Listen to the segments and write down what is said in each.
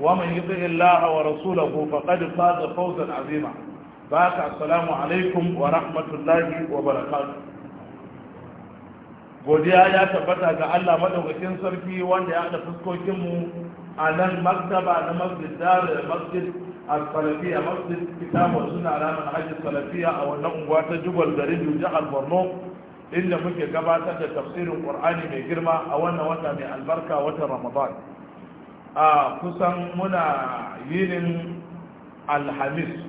ومن يطع الله ورسوله فقد فاز فوزا عظيما باك السلام عليكم ورحمة الله وبركاته godiya ya tabbata ga Allah madaukakin sarki wanda ya haɗa fuskokinmu a nan maktaba na masjid dare masjid al-salafiya masjid kitabu suna ranar hajji salafiya a wannan unguwa ta jubal garin jihar borno inda muke gabatar da tafsirin qur'ani mai girma a wannan wata mai albarka watan ramadan a kusan muna yinin alhamis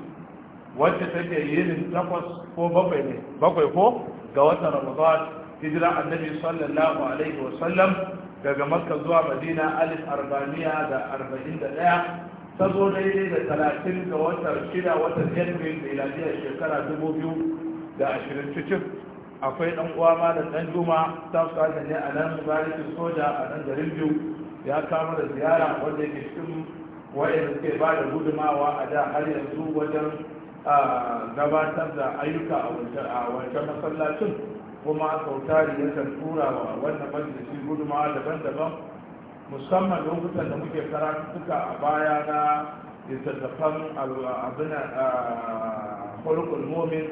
wacce take yinin takwas ko bakwai ne bakwai ko ga wata ramadan hijira annabi sallallahu alaihi wasallam daga makka zuwa madina alif arbaniya da arba'in da ɗaya ta zo daidai da talatin ga watar shida watan april miladiyar shekara dubu biyu da ashirin cikin akwai ɗan uwa ma da ɗan juma ta fasa ne a nan barikin soja a nan garin biyu ya kama da ziyara wanda yake cikin wa'in suke ba da gudumawa a da har yanzu wajen gabatar da ayyuka a wancan masallacin kuma sautari yakan tura wa wannan majalisi gudumawa daban-daban musamman lokutan da muke karatuka a baya na littattafan abin hulkul momin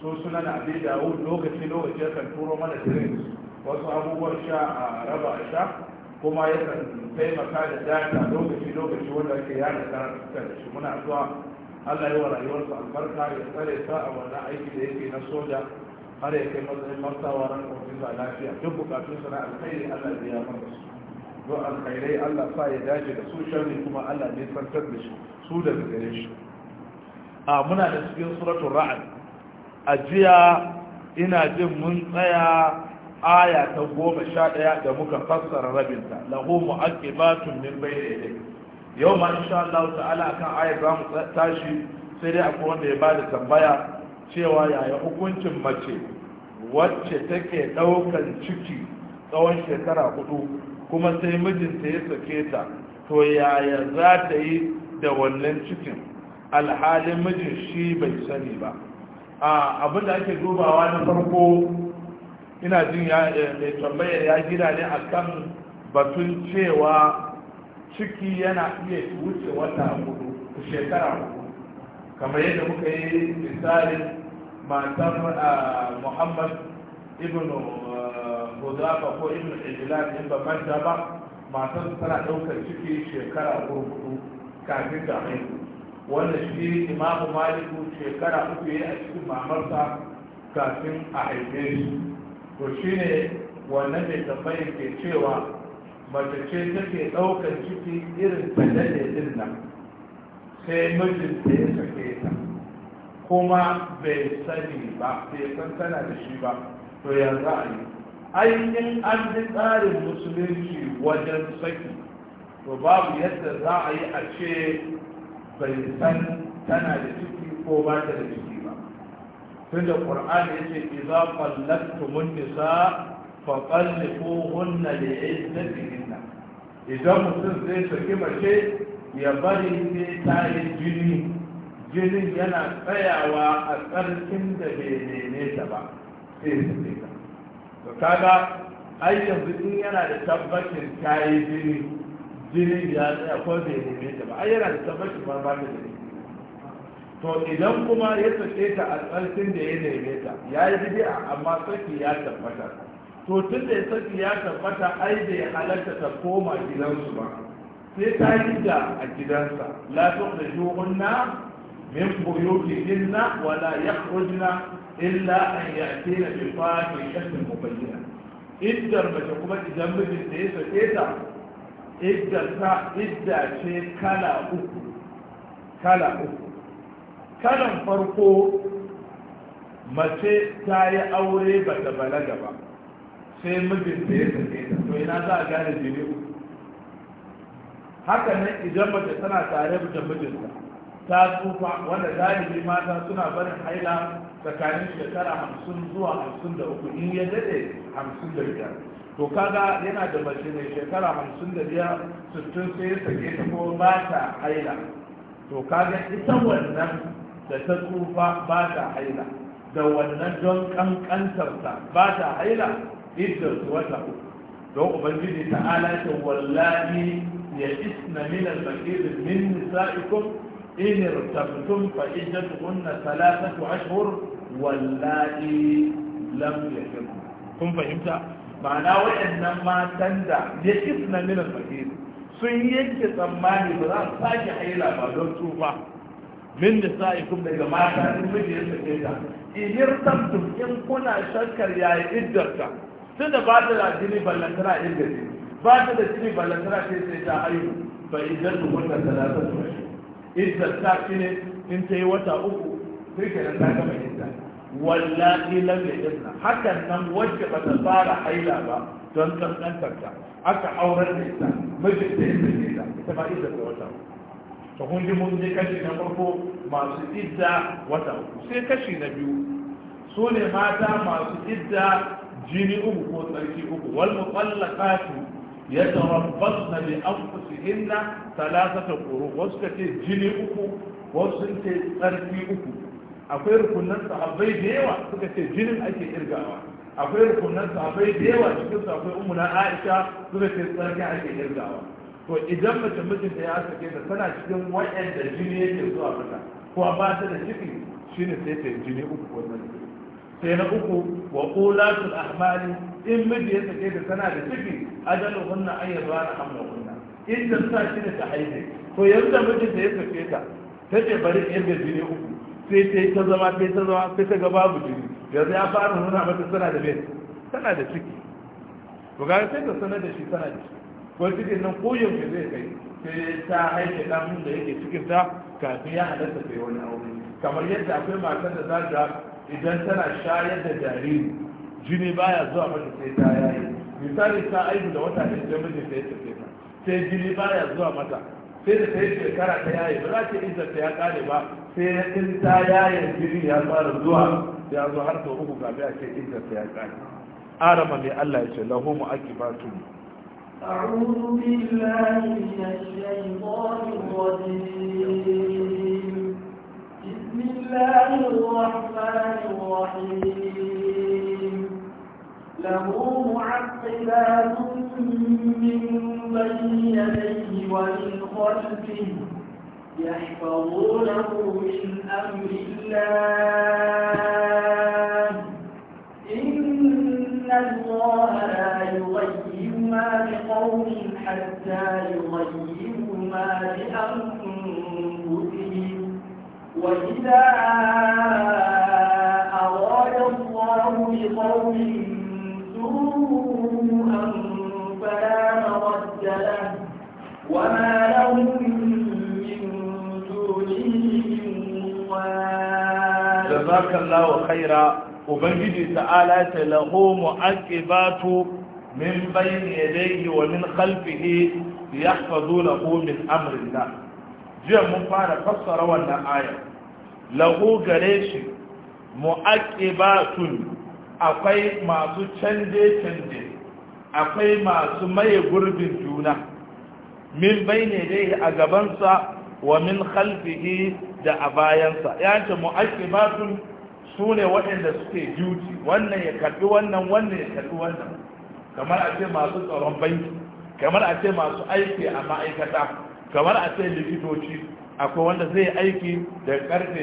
su suna na abin da lokaci lokaci yakan turo mana drinks wasu abubuwan sha a raba a sha kuma yakan taimaka da a lokaci lokaci wanda ake yada karatuka da shi muna zuwa Allah yi wa rayuwarsa albarka ya tsare sa a wannan aiki da yake na soja har ya kai matsayin martawa ran ofisa lafiya duk bukatunsa na alkhairi Allah ya biya su don alkhairai Allah sa ya dace da su sharri kuma Allah ne santar da shi su daga gare shi a muna da cikin suratul ra'ad a jiya ina jin mun tsaya aya ta goma sha ɗaya da muka fassara rabinta lahu mu'aqibatun min bayni yadayhi yau ma insha Allah ta'ala akan aya za mu tashi sai dai akwai wanda ya bada tambaya cewa yaya hukuncin mace wacce take ɗaukan ciki tsawon shekara hudu kuma sai mijinta ya sake ta to yaya za ta yi da wannan cikin alhalin mijin shi bai sani ba abin da ake dubawa na farko ina jin ya mai tambayar ya gida ne a kan batun cewa ciki yana iya wuce wata hudu shekara hudu kamar yadda muka yi misalin matan muhammad ibn uh, huzafa ko ibn ijilan in ba manta ba matan tana ɗaukar ciki shekara hudu kafin da haihu wanda shi imamu maliku shekara uku ya yi a cikin mamarsa kafin a haife shi to shi ne wannan mai ke cewa mace ce take ɗaukar ciki irin ta daɗe din nan sai mijinta ya sake ta kuma bai sani ba bai san tana da shi ba to ya za a yi aikin an bi tsarin musulunci wajen saki to babu yadda za a yi a ce bai san tana da ciki ko ba ta da ciki tunda qur'ani yace idza qallatumun nisa fa qalliquhunna yi izzatihinna idan mutum zai saki mace ya bari sai ta yi jini jinin yana tsayawa a tsarkin da bai nene ta ba sai su ne ka to kaga ai yanzu in yana da tabbacin ta yi jini jinin ya tsaya ko bai nene ta ba ai yana da tabbacin ba ba da jini to idan kuma ya sake ta a tsarkin da ya neme ta ya yi bid'a amma saki ya tabbata to tun da saki ya tabbata ai bai halatta ta koma gidansu ba sai ta yi da a gidansa la tukhrijuhunna min buyutihinna wa la yakhrujna illa an ya'tina bi fahishatin mubayyinah iddar mace kuma idan mijin da ya sake ta iddar ta idda ce kala uku kala uku karan farko mace ta yi aure ba ta balaga ba sai da ya tafi da to ina za a gane jini uku haka nan idan mace tana tare da mijinta ta tsufa wanda galibi mata suna barin haila tsakanin shekara hamsin zuwa hamsin da uku in ya daɗe hamsin da biyar to kaga yana da mace mai shekara hamsin da biyar sittin sai ya sake ta ko ba ta haila to kaga ita wannan da ta tsufa ba ta haila da wannan don kankantarsa ba ta haila idda su wata don ubangiji ta alata wallahi ya isna min al-fakir min nisa'ikum in irtabtum fa iddatuhunna thalathatu ashhur wallahi lam yakun kun fahimta ma'ana waɗannan matan da ya isna min al-fakir sun yanke tsammani ba za su sake haila ba don tsufa min da nisa'ikum daga mata in miji ya sake ta in yartamtum in kuna shakkar yayi iddarta tunda ba ta da jini ballantana iddarta ba ta da jini ballantana sai sai ta haihu fa iddatu wannan talatatu iddarta ne in ta yi wata uku sai kenan ta gama idda wallahi lam yadna hakan nan wacce ba ta fara haila ba don kankantar ta aka aurar da ita mijinta ya sake ta ta ba iddarta wata uku To kun ji mun je kashi na farko masu idda wata uku sai kashi na biyu su ne mata masu idda jini uku ko tsarki uku wal mutsallakatu ya tarabbas na bi anfusihinna talatata quru wasu ka ce jini uku wasu sun ce tsarki uku akwai rukunan sahabbai da yawa suka ce jinin ake irgawa akwai rukunan sahabbai da yawa cikin akwai umuna aisha suka ce tsarki ake irgawa to idan mace mijinta ya sake ta tana cikin da jini yake zuwa mata a ba ta da ciki shine sai ta jini uku ko nan sai na uku wa qulatul ahmali in miji ya sake ta tana da ciki ajalu hunna an yadwana hamla hunna in da ta shi ta haihu to yanzu da mijinta ya sake ta ta ce bari in da jini uku sai ta yi ta zama sai ta zama sai ta ga babu jini yanzu ya fara nuna mata tana da mai tana da ciki to ga sai ta sanar da shi tana da ciki ko cikin nan ko yaushe zai kai sai ta haife ɗan da yake cikin ta kafin ya halatta sai wani aure kamar yadda akwai matar da za ta idan tana shayar da jariri jini baya zuwa mata sai ta yayi misali ta aiki da wata ne sai mijin ta ya tafi ta sai jini baya zuwa mata sai da ta yi shekara ta yaye ba za ta iza ta ya kare ba sai na in ta yaye jini ya fara zuwa ya zo har sau uku kafin a ce iza ta ya kare arama mai allah ya ce lahu mu tuni. أعوذ بالله من الشيطان الرجيم بسم الله الرحمن الرحيم له معقبات من بين يديه ومن خلفه يحفظونه من أمر الله إن الله لا يغير ما بقوم حتى يغيروا ما بأنفسهم وإذا أراد الله بقوم سوءا فلا مرد له وما لهم من دونه من جزاك الله خيرا ubangiji ta'ala ta lahu mu'aqibatu min bayni yadayhi wa min khalfihi yahfazunahu min amrillah jiya mun fara fassara wannan aya lahu gare shi mu'aqibatun akwai masu canje canje akwai masu maye gurbin juna min bayne dai a gabansa wa min khalfihi da a bayansa ya ce mu'aqibatun su ne waɗanda suke duty wannan ya karbi wannan wannan ya karbi wannan kamar a ce masu tsaron banki kamar a ce masu aiki a ma'aikata kamar a ce likitoci akwai wanda zai aiki da karfe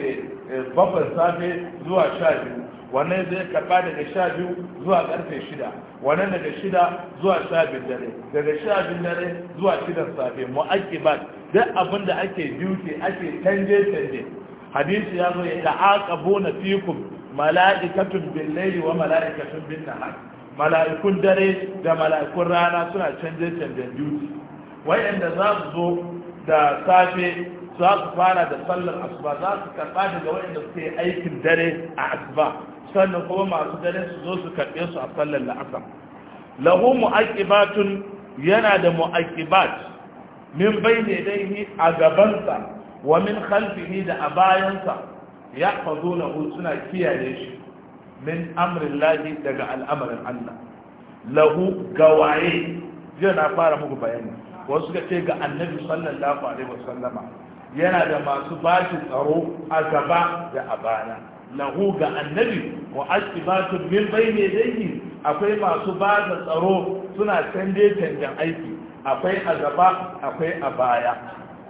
eh, bakwai safe zuwa sha biyu wannan zai karba daga sha biyu zuwa karfe shida wannan daga shida zuwa sha biyu dare daga sha biyu dare zuwa shidan safe mu'akibat duk abin da ake duty ake canje canje hadisi ya zo ya ta'aqabuna fikum mala'ikatun bin layli wa mala'ikatun bin nahar mala'ikun dare da mala'ikun rana suna canje canje duty wayanda za su zo da safe za su fara da sallar asuba za su karba daga wayanda suke aikin dare a asuba sannan kuma masu dare su zo su karbe su a sallar la'asar lahu mu'aqibatun yana da mu'aqibat min bayne dai a gabansa wa min khalfihi da a bayansa ya fazo na suna kiyaye shi min amrin lahi daga al'amarin Allah lahu gawaye jiya na fara muku bayani wasu ga ce ga annabi sallallahu alaihi wasallama yana da masu bashi tsaro a gaba da a bana lahu ga annabi wa asibatu min bayne dai akwai masu ba tsaro suna canje canjen aiki akwai a gaba akwai a baya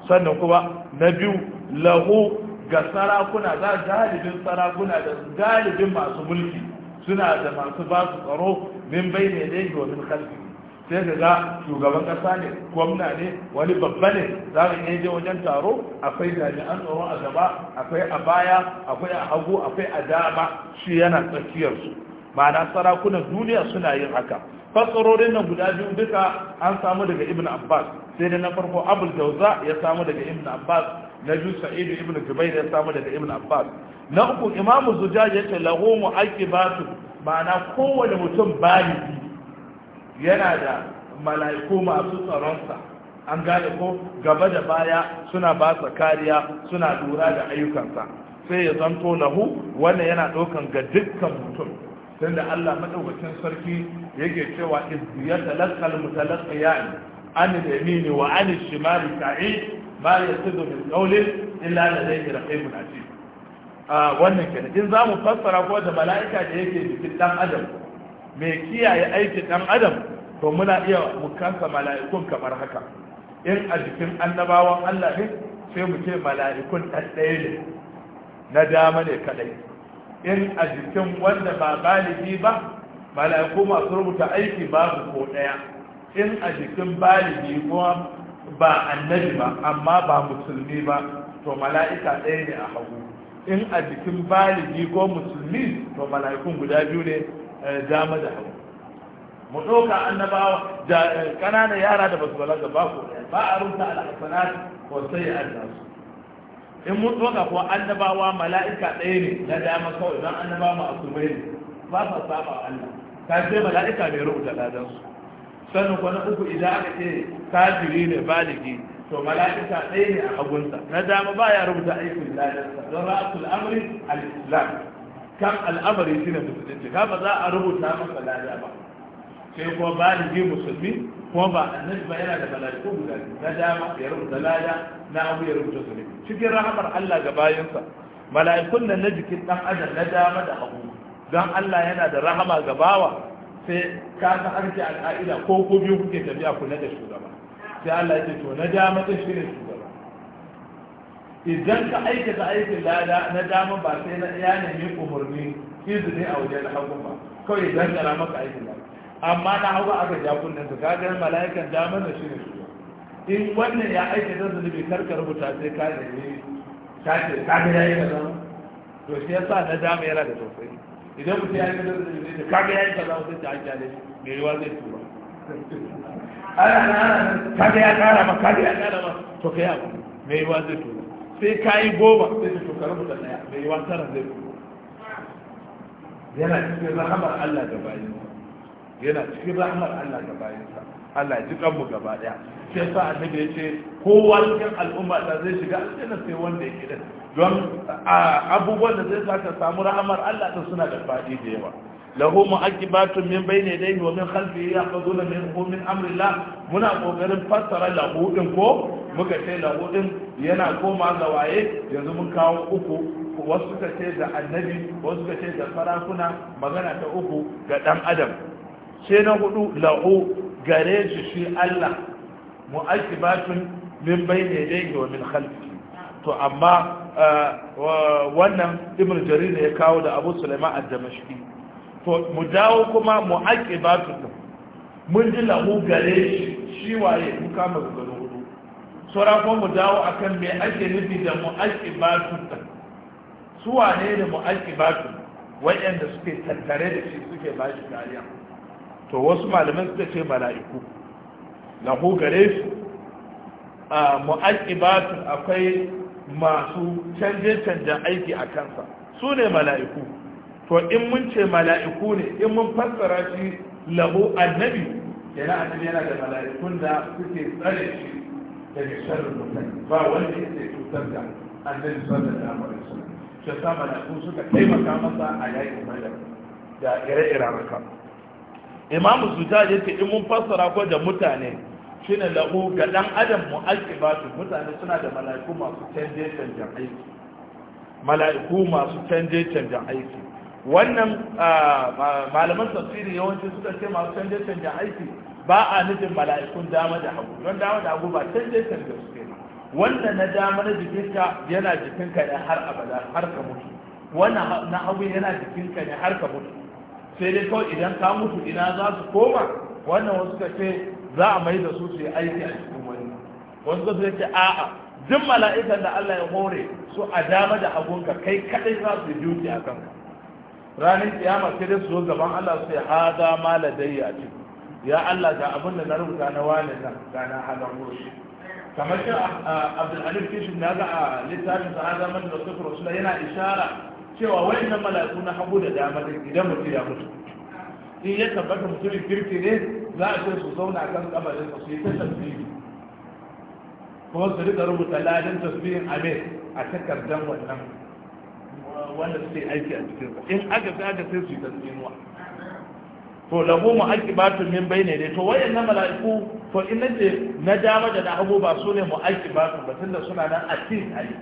sannan kuma na biyu lahu ga sarakuna za galibin sarakuna da galibin masu mulki suna da masu ba su tsaro min bai ne dai domin kalfi sai ka ga shugaban kasa ne gwamna ne wani babba ne za ka iya je wajen taro akwai jami'an tsaro a gaba akwai a baya akwai a hagu akwai a dama shi yana tsakiyarsu ma'ana sarakunan duniya suna yin haka fassarorin nan guda biyu duka an samu daga ibn abbas sai da na farko abul jauza ya samu daga ibn abbas na biyu sa'idu ibn jubair ya samu daga ibn abbas na uku imamu zujaj ya ce lahu mu'aqibatu ma'ana kowane mutum balidi yana da mala'iku masu tsaronsa an gane ko gaba da baya suna ba sa kariya suna lura da ayyukansa sai ya zanto lahu wannan yana ɗaukan ga dukkan mutum tunda Allah madaukakin sarki yake cewa iz yatalaqal mutalaqiyan an al-yamin wa an al-shimal ka'id ma yasidu min qawlin illa ladayhi raqibun atid a wannan kenan in za mu fassara ko da mala'ika da yake jikin dan adam me kiyaye aikin dan adam to muna iya mukansa mala'ikun kamar haka in a jikin annabawan Allah ne sai mu ce mala'ikun ɗaɗɗaya ne na dama ne kaɗai in a jikin wanda ba baligi ba mala'iku masu rubuta aiki babu ko ɗaya in a jikin balibi kuma ba annabi ba amma ba musulmi ba to mala'ika ɗaya ne a hagu in a jikin balibi ko musulmi to mala'ikun guda biyu ne eh, dama da hagu mu ɗauka annabawa eh, ƙananan yara da basu balaga ba ko ba a rubuta al'asanat ko sai an su. in mun doka kuwa annabawa mala'ika ɗaya ne na dama kawai don annabawa ma asumai ne ba sa saba Allah ka ce mala'ika bai rubuta ladan su sannan kwana uku idan aka ce kafiri ne baligi to mala'ika ɗaya ne a hagunsa na dama ba ya rubuta aikin ladansa don ra'atul amri al-islam kan al'amari shine musulunci ka ba za a rubuta masa lada ba sai kuma baligi musulmi kuma ba annabi ba yana da ko guda na dama ya rubuta lada na abu ya rubuta su ne cikin rahamar Allah ga bayansa mala'ikun nan na jikin dan adam na dama da hagu don Allah yana da rahama ga bawa sai ka ta arki al'aida ko ko biyu kuke tafiya ku na da shugaba sai Allah ya ce to na dama ta shi ne shugaba idan ka aikata aikin lada na dama ba sai na ya nemi umarni izini a wajen hagu kawai dangara maka aikin lada amma na hawa aka ja kunnen ka ga mala'ikan damar mana shi ne in wannan ya aika da zunubi karka rubuta sai ka ne kace kaga yayi kaza to shi yasa na dama yana da tausayi idan mutum ya yi da zunubi da kaga yayi kaza sai ta ajiya ne me yiwa zai tura ana na ga ya kara ma ga ya kara ma to kai abu me yiwa zai tura sai kayi goma sai su ka rubuta daya me yiwa tara zai tura yana cikin rahamar Allah da bayan yana cikin rahmar Allah ga bayansa Allah ya ji kanmu gaba daya sai sa annabi ya ce kowa cikin al'umma ta zai shiga aljanna sai wanda ya kidan don abubuwan da zai sa ka samu rahmar Allah ta suna da fadi da yawa lahu mu'aqibatun min bayni yadayhi wa min khalfihi yahfazuna minhu min amri Allah muna kokarin fassara lahu din ko muka ce lahu din yana koma ga waye yanzu mun kawo uku wasu suka ce da annabi wasu suka ce da sarakuna magana ta uku ga dan adam sai na hudu lahu gare shi shi Allah tun min bai bayne yadayhi wa min khalfi to amma eh, wannan ibn jarir ne ya kawo da abu sulaiman a damashqi to mu dawo kuma tun mun ji lahu gare shi shi waye mu kama gano hudu sauran kuma mu dawo akan me ake nufi da tun su wane ne mu'akibatun wa'anda suke tattare da shi suke ba shi kariya to wasu malaman suka ce mala'iku lahu gare su a mu'aqibatun akwai masu canje-canjen aiki a kansa su ne mala'iku to in mun ce mala'iku ne in mun fassara shi lahu annabi yana annabi yana da mala'ikun da suke tsare shi da sharrin mutane ba wanda yake cutar da annabi sallallahu alaihi wasallam shi sa mala'iku suka taimaka masa a yayin badar da ire-iren rakam imamu sujad ce in mun fassara ko da mutane shine lahu ga dan adam mu su mutane suna da mala'iku masu canje canjen aiki mala'iku masu canje canjen aiki wannan malaman tafsiri yawanci suka ce masu canje canjen aiki ba a nufin mala'ikun dama da hagu don dama da hagu ba canje canje suke wanda na dama na jikinka yana jikinka ne har abada har ka mutu wannan na hagu yana jikinka ne har ka mutu sai dai kawai idan ka mutu ina za su koma wannan wasu ka ce za a mai da su su yi aiki a cikin wani wasu ka ce a'a duk mala'ikan da Allah ya hore su a dama da abunka kai kadai za su yi duki a kanka ranar kiyama sai dai su zo gaban Allah su yi hada ma ladayya a ciki ya Allah ga abin da na rubuta na wani nan ga na halar shi. kamar shi ah, ah, abdulalim kishin na ga a littafin sa'adar hada da suka yana ishara cewa wayannan mala'iku na hagu da dama idan mutum ya mutu in ya tabbata mutumin kirki ne za a ce su zauna kan kabarin su yi ta tasbihi kuma su rika rubuta ladin tasbihin amin a takardar wannan wanda suke aiki a cikin in aka fi ka sai su yi wa to lahu mu'aqibatun min bayne ne to wayannan mala'iku to in nace na dama da na hagu ba su ne mu mu'aqibatu ba tunda suna nan a cikin ayi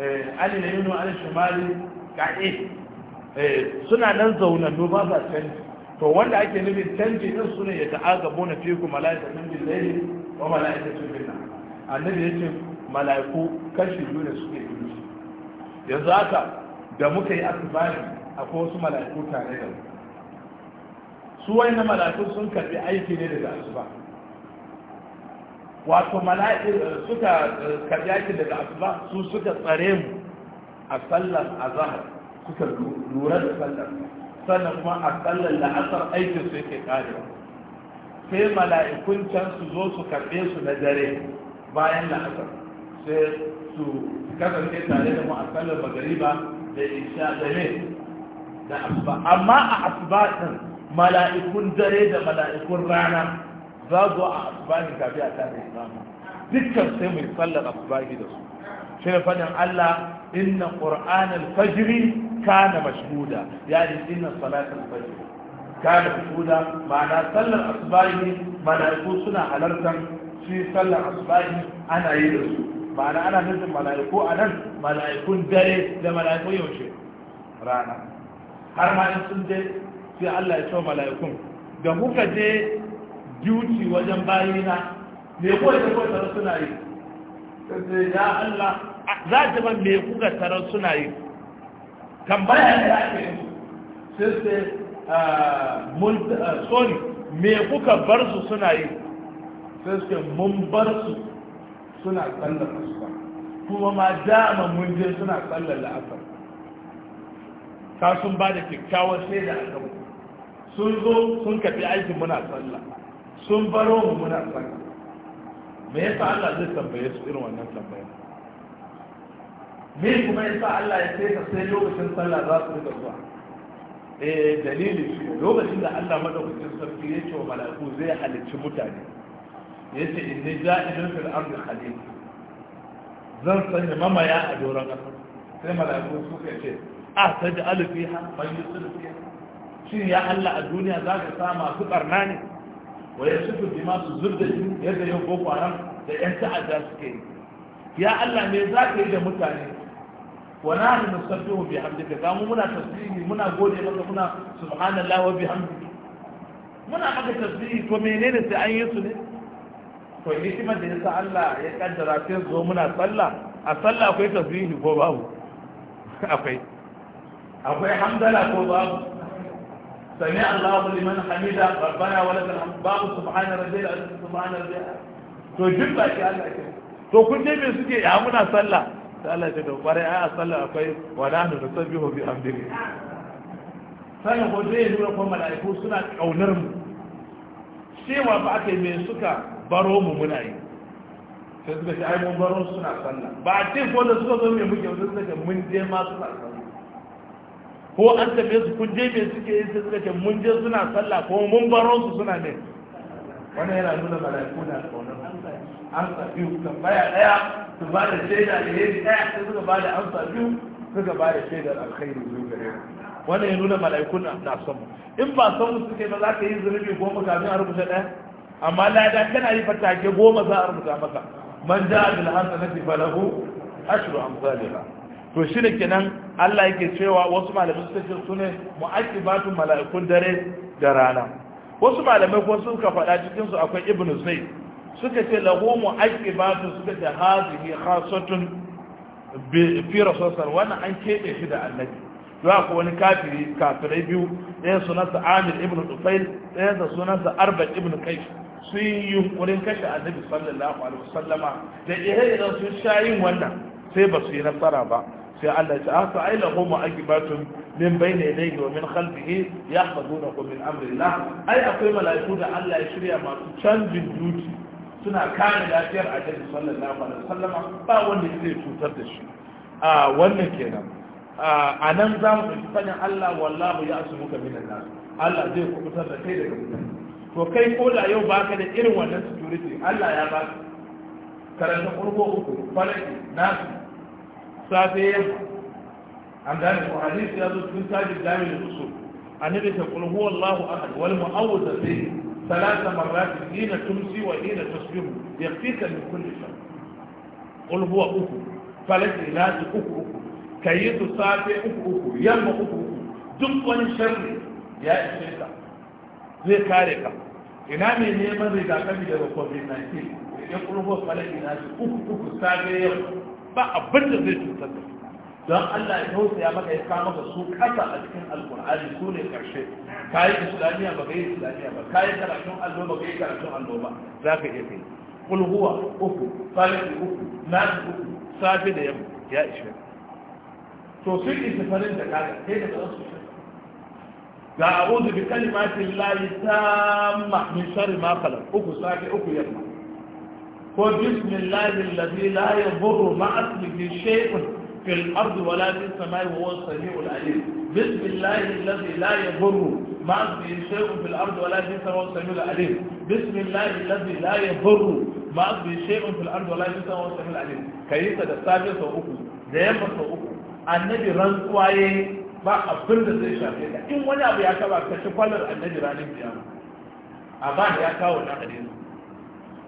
Eh, ali na yunu ali shimali ka'i eh, suna nan zaunannu ba sa canji to wanda ake nufi canji din su ne ya ta'agabu na fi ku mala'ika min bil layli wa mala'ika tu bin annabi yace mala'iku kashi biyu ne suke yi yanzu haka da muka yi asibari akwai wasu mala'iku tare da su su wani mala'iku sun karbi aiki ne daga asuba wato mala'i eh, suka eh, karya ki daga asuba su suka tsare mu a sallar azahar suka lura da sallar sannan kuma a sallar la'asar aikin su yake karewa sai mala'ikun can su zo su karɓe su na dare bayan la'asar sai su kasance tare da mu a sallar magariba da isha da ne da asuba amma a asuba din mala'ikun dare da mala'ikun rana za zo a asibani kafi a tafi imamu dukkan sai mai sallar asibani da su shi ne fadin Allah inna qur'an al-fajri kana mashhuda yani inna salat al-fajr kana mashhuda ma'ana sallar asibani mala'iku suna halartar shi sallar asibani ana yi da su ma'ana ana nufin mala'iku a nan mala'ikun dare da mala'ikun yaushe rana har ma in sun je sai Allah ya ce mala'ikun da kuka je duty wajen bayina me ko da ko tarar suna yi sai ya Allah za ta ban me kuka tarar suna yi baya ne ake yi sai sai ah, ah, sorry me kuka bar su suna yi sai sai mun bar su suna tsallar asuba kuma ma dama mun je suna tsallar la'asar ka sun ba da kyakkyawar shaida a kan sun zo sun kafi aikin muna tsallar sun baro mu muna tsaka me yasa Allah zai tambaye su irin wannan tambaya me kuma yasa Allah ya sai ka sai lokacin sallah za su rika zuwa eh dalili shi lokacin da Allah madaukakin sarki ya ce wa mala'iku zai halicci mutane yace inni ja'ilun fil ardi khalifa zan sanya mamaya a doron ƙasa sai mala'iku suka ce a ah, ta ji alifiha man yi sulfiya shi ya Allah a duniya za ka sa masu barna ne wa ya sufu dimanu zurda yadda yin boko haram da yan ta'adda suke yi ya Allah me za ka yi da mutane wa na hannu musabbihu bi hamdika ga mu muna tasbihi muna gode maka muna subhanallahi wa bihamdika muna maka tasbihi to menene sai an yi su ne to shi da yasa Allah ya kaddara sai zo muna sallah a sallah akwai tasbihi ko babu akwai akwai hamdala ko babu سمع الله لمن حمده ربنا ولك الحمد باب سبحان ربي سبحان ربي to duk ba ki Allah ke to kun je me suke ya muna sallah sai Allah ya da ai a sallah akwai wa nahnu bi hamdihi sai ko zai nuna ko mala'iku suna kaunar mu cewa ba ake me suka baro mu muna yi sai suka ce ai mun baro suna sallah ba a ce ko da suka zo me muke suka ce mun je ma suna sallah ko an tafiye su kun je mai suke yi suka ce mun je suna sallah ko mun baro su suna ne wannan yana nuna mala'iku na kaunar amsa biyu tambaya daya su ba da shaida da yayi daya sai suka ba da amsa biyu suka ba da shaidar alkhairi biyu gare mu wannan ya nuna mala'iku na son mu in ba son mu suke ba za ka yi zunubi goma kafin a rubuta daya amma lada kana yi fatake goma za a rubuta maka man ja'a bil hasanati falahu ashru amsalha to shine kenan Allah yake cewa wasu malamai suka ce su ne mu'aqibatun mala'ikun dare da rana wasu malamai ko suka faɗa cikin su akwai ibn zai suka ce lahu mu'aqibatu suka ce hazihi khasatun bi fi rasulullah wannan an kebe shi da annabi za ku wani kafiri kafirai biyu ɗaya sunansa amir ibn tufail ɗaya da sunansa arba ibn kai sun yi yunkurin kashe annabi sallallahu alaihi wasallama da ire-iren sun sha yin wannan sai ba su yi nasara ba sai Allah ta aka ai lahu mu'aqibatun min bai ne yadayhi wa min khalfihi yahfazunahu kumin amrillah ai akwai mala'iku da Allah ya shirya masu canjin duty suna kare lafiyar annabi sallallahu alaihi wasallam ba wanda zai cutar da shi a wannan kenan a nan za mu ɗauki fannin Allah wallahu ya asu muka min Allah Allah zai kubutar da kai daga mutane to kai ko da yau baka da irin wannan security Allah ya baka karanta kurko uku falaki nasu safe an gane ko hadisi ya zo cikin sajid dami da usul annabi ta kul huwa allah ahad wal mu'awwidatayn ثلاث مرات حين تمسي وحين تصبح يكفيك من كل شر قل هو أكو فلك علاج أكو أكو كيد صافي uku-uku yamma uku-uku duk wani sharri ya ishe ka zai kare ka ina mai neman rigakafi daga covid-19 ya kurbo falaki na uku uku sabe yau ba abin da zai cutar da don Allah ya hausa ya maka ya kama ka su kasa a cikin alkur'ani su ne karshe ka yi islamiyya ba ka yi islamiyya ba ka yi karatun allo ba ka yi karatun allo ba za ka iya kai kul uku falaki uku nasi uku safi da yamma ya ishe to sun isa farin da kaga sai da ba su ga Da bi kalimati llahi tamma min sharri ma khalaq uku safi uku yamma ko bismi lalin lalbi la ya buru ma'asliki shekun wa lalin samai wa wasu sami ulali bismi lalin lalbi la ya wa lalin samai wa sami ulali bismi lalin lalbi la ya buru wa lalin samai wa ka yi ta da sabi sau uku da yamma sau uku annabi rantsuwa ya yi ba abin zai shafe ka in wani abu ya kaba a ci kwallon annabi ranar biyar a ba ya kawo na hadisi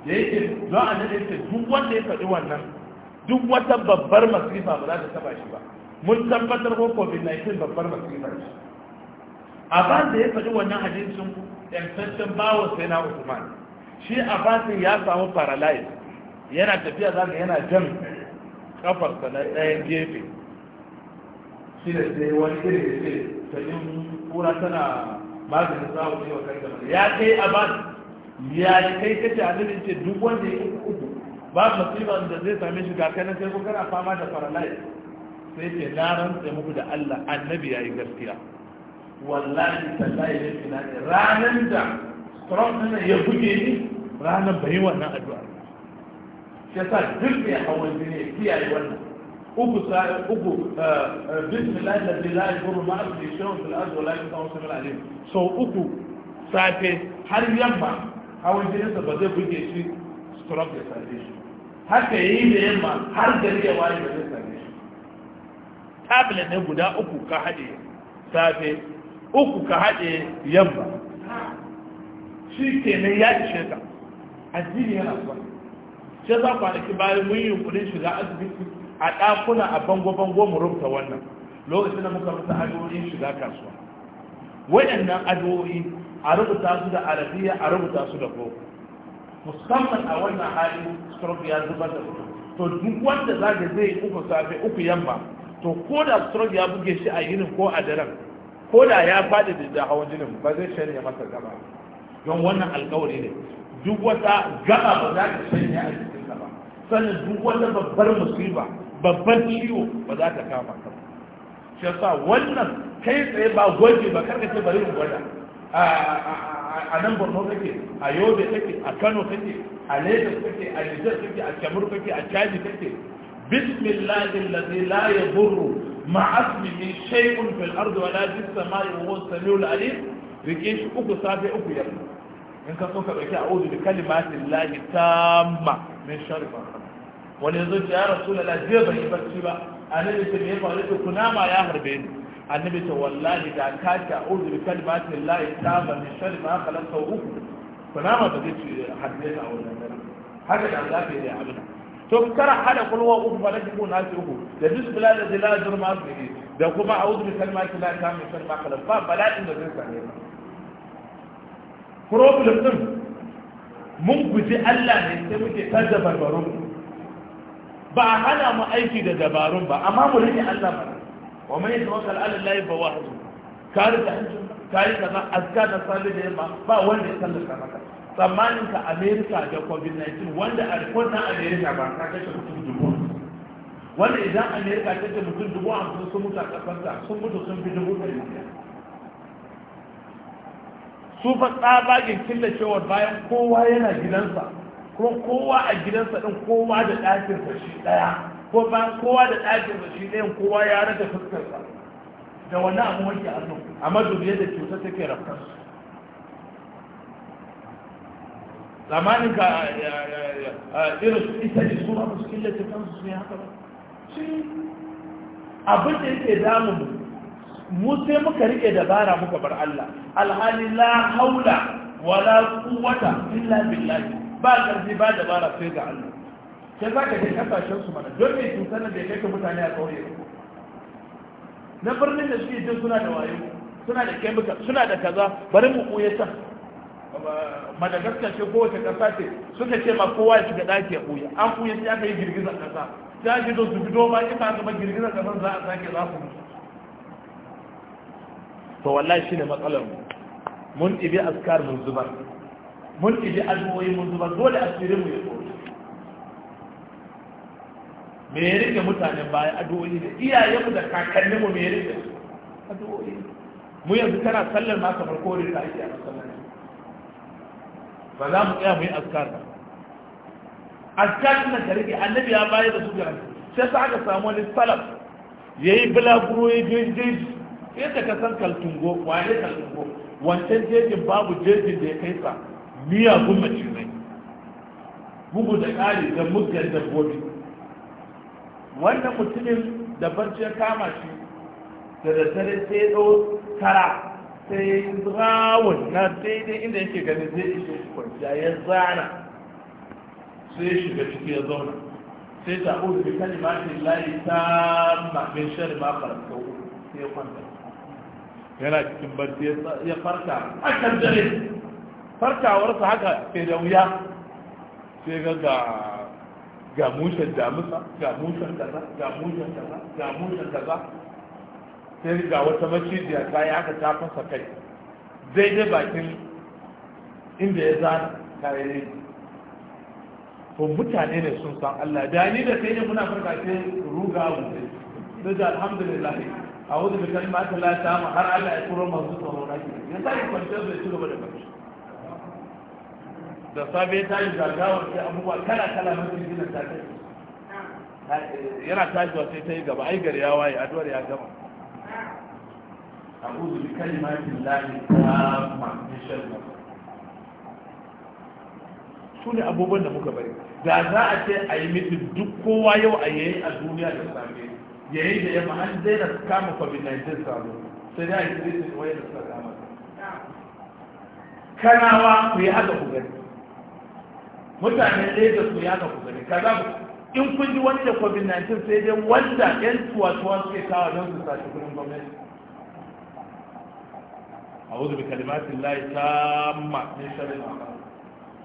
da yake don annabi yake duk wanda ya faɗi wannan duk wata babbar masifa ba za ta taba shi ba mun tabbatar ko covid-19 babbar masifa ce a ba da ya faɗi wannan hadisin yantaccen bawa sai na usman shi a ba ya samu paralyze yana tafiya za yana jan kafarsa na ɗayan gefe shi da sai wani iri da ce ta kura tana maganin zawo ne wa kai da ya kai a ya kai kace annabi ce duk wanda ya yi uku ba musiban da zai same shi ga kanan sai kuka fama da paralyze sai ce na rantsa muku da Allah annabi yi gaskiya wallahi tallahi ne ina ranan da strong din ya buge ni ranan bai wannan addu'a ya sa duk ya hawan jini kiyaye wannan uku sa uku eh, eh, bismillah da billahi guru ma'a bi shawul fil ard wa la yusawu sabal alim so uku safe har yamma hawan jininsa ba zai buge shi stroke ya same shi haka yi da yamma har gari ya waye ba zai same shi tablet ne guda uku ka haɗe safe uku ka haɗe yamma shi ke ne ya ishe ka addini yana zuwa shi za kwanaki bayan mun yi yunkurin shiga asibiti a ɗakuna a bango-bango mu rubuta wannan lokacin da muka rubuta addu'o'in shiga kasuwa waɗannan addu'o'i a rubuta su da arabiya a rubuta su da boko musamman a wannan hali stroke ya zubar da mutum to duk wanda za ka zai uku safe uku yamma to ko da stroke ya buge shi a yinin ko a daren ko da ya faɗi da hawan jinin ba zai shanye masa gaba don wannan alkawari ne duk wata gaba ba za ka shanye a jikinsa ba sannan duk wata babbar musiba babban ciwo ba za ta kama ka ba shi yasa wannan kai tsaye ba gwaji ba karka ce bari in gwada a nan borno take a yobe take a kano take a lagos take a nijar take a kamar take a chadi take bismillahi allazi la yadurru ma'asmihi shay'un fil ardi wa la fis samai wa huwa samiul alim rike shi uku safe uku yamma in ka so ka dauki a'udhu bi kalimatin lahi ma min sharri ma wani zo ya rasulullahi zai bai bacci ba A sai ya faru nama ya harbe ni annabi ta wallahi da ka ta uzu bi kalmatin la yataba min sharri ma khalaqa uku kunama ma zai ci hadde a wannan dare haka da Allah bai da abin to kara hada kulwa uku ba da ku na ci uku da bismillah da zila durma su da kuma a'udhu bi kalmatin la yataba min sharri ma khalaqa ba bala'in da zai same ka problem din mun guji Allah ne sai muke ta dabarbarun ba a hana mu aiki da dabarun ba amma mu rike Allah ba wa يتوكل على الله فهو fa كارثه كارثه ka rika hancin ka da yamma ba 19 wanda a report na america ba mutum wanda idan america ta ce mutum dubu hamsin sun mutu a kasarta sun mutu sun fi dubu ɗari su fa tsabagen killacewar bayan kowa yana gidansa kuma kowa a gidansa ɗin kowa da ɗakinsa shi ɗaya ko ba kowa da ɗakin da shi ɗayan kowa ya rage fuskarsa da wani abu wanke hannu a madubiya da cuta take rafkar zamanin ka irin su isa ne su ba su killace kansu su ne haka ba shi abin da yake damu mu sai muka rike dabara muka bar Allah alhali la haula wala quwwata illa billahi ba karfi ba dabara sai ga Allah sai za ka je kasashen su mana don mai cutar da ya kai mutane a kauye na birnin da suke jin suna da wayo suna da kemika suna da kaza bari mu koya ta madagaskar ce kowace kasa ce suka ce ma kowa ya shiga daki ya koya an koya sai aka yi girgizar kasa sai aka gido su gido ma ita zama girgizar kasa za a sake za ku to wallahi shine matsalar mu mun ibi askar mun zubar mun ibi addu'o'i mun zubar dole asirin mu ya tsoro me ya rike mutanen baya addu'o'i ne mu da mu me ya rike addu'o'i mu yanzu kana sallar ma kamar kore ta ake a sallar ba za mu iya mu yi azkar ba azkar din da annabi ya bayar da su ga sai sa aka samu wani salaf yayi bulaguro ya jeje yadda ka san kaltungo waye kaltungo wancan jejin babu jejin da ya kai sa miyagun mai bugu da ƙari da muggan dabbobi wannan mutumin da barci ya kama shi da daddare sai ɗau tara sai zawon na daidai inda yake gani zai ishe shi kwanciya ya zana sai shiga ciki ya zauna sai ta uzu bi kalimatin layi ta mamin shari ma farko sai ya kwanta yana cikin barci ya farka a kan dare farkawarsa haka sai da wuya sai ga ga mushen damusa ga mushen kaza ga mushen kaza ga mushen kaza sai ga wata macijiya ta yi aka ta fasa kai daidai bakin inda ya zana kayayyaki Ko mutane ne sun san Allah da ni da kai ne muna farka ce ruga mu ne da alhamdulillah a wajen da kalma ta la ta har Allah ya kuro masu zuwa na ne ya sai kwanciyar da ya gaba da kashi da safe ta yi zagawar sai abubuwa kala kala na jirgin ta kai ah. eh, yana tashiwa sai ta yi gaba ai gari ya waye addu'ar ya gama a'udhu bi kalimatin lahi tamma min sharri ma su ne abubuwan da muka bari da za a ce a yi mitin duk kowa yau a yayi a duniya da safe yayi da yamma an daina kama covid-19 sabo sai dai yi mitin wayar da suka kama ah. kanawa ku yi haka ku gani mutane ɗaya da su ya ka ku gani kaza in kun ji wanda covid-19 sai dai wanda yan tuwa-tuwa suke kawo don su sashi kudin gwamnati a wuzu bi kalimatin layi ta ma mafi shari'a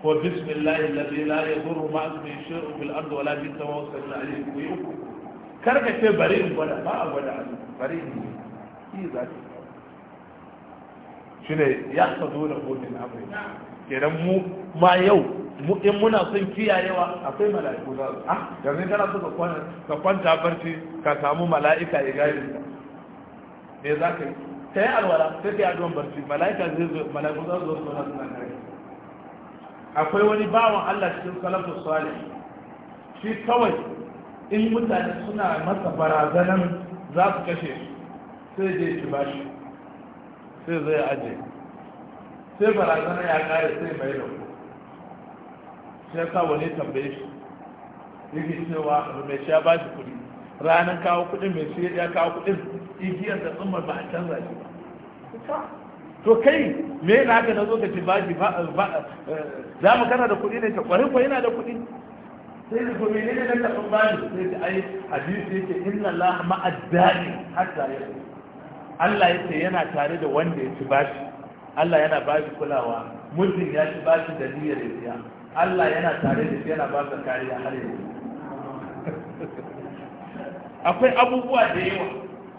ko bismillahi lalli la zuru ma su ne shi rufin ardu wala bi sama wasu na ali ku yi uku karka ce bari in gwada ba a gwada a duk bari in yi shi za ki shi ne ya sa dole ko min amri kenan mu ma yau in muna son kiyayewa akwai mala'iku za a ah yanzu kana so ka kwanta barci ka samu mala'ika ya gari ka me za ka yi ta yi alwala sai ka yi adon barci mala'ika zai zo mala'iku za su zo suna suna kare akwai wani bawan Allah cikin salatu salih shi kawai in mutane suna masa barazanan za su kashe sai je ki bashi sai zai aje sai barazana ya kare sai mai rauni sai sa wani tambaye shi yake cewa mai shi ya ba shi kuɗi ranar kawo kuɗin mai shi ya kawo kuɗin igiyar da tsumar ba a canza shi ba to kai me na haka na zo ka ci baji ba eh, za mu kana da kuɗi ne ta kwarin kwa yana da kuɗi sai ni gobe ne da karɓar baji sai da ai hadisi yake inna Allah ma'addani hatta ya Allah yake yana tare da wanda ya ci bashi Allah yana bashi kulawa mutum ya ci bashi da niyyar ya Allah yana tare da yana ba ka kariya har yanzu akwai abubuwa da yawa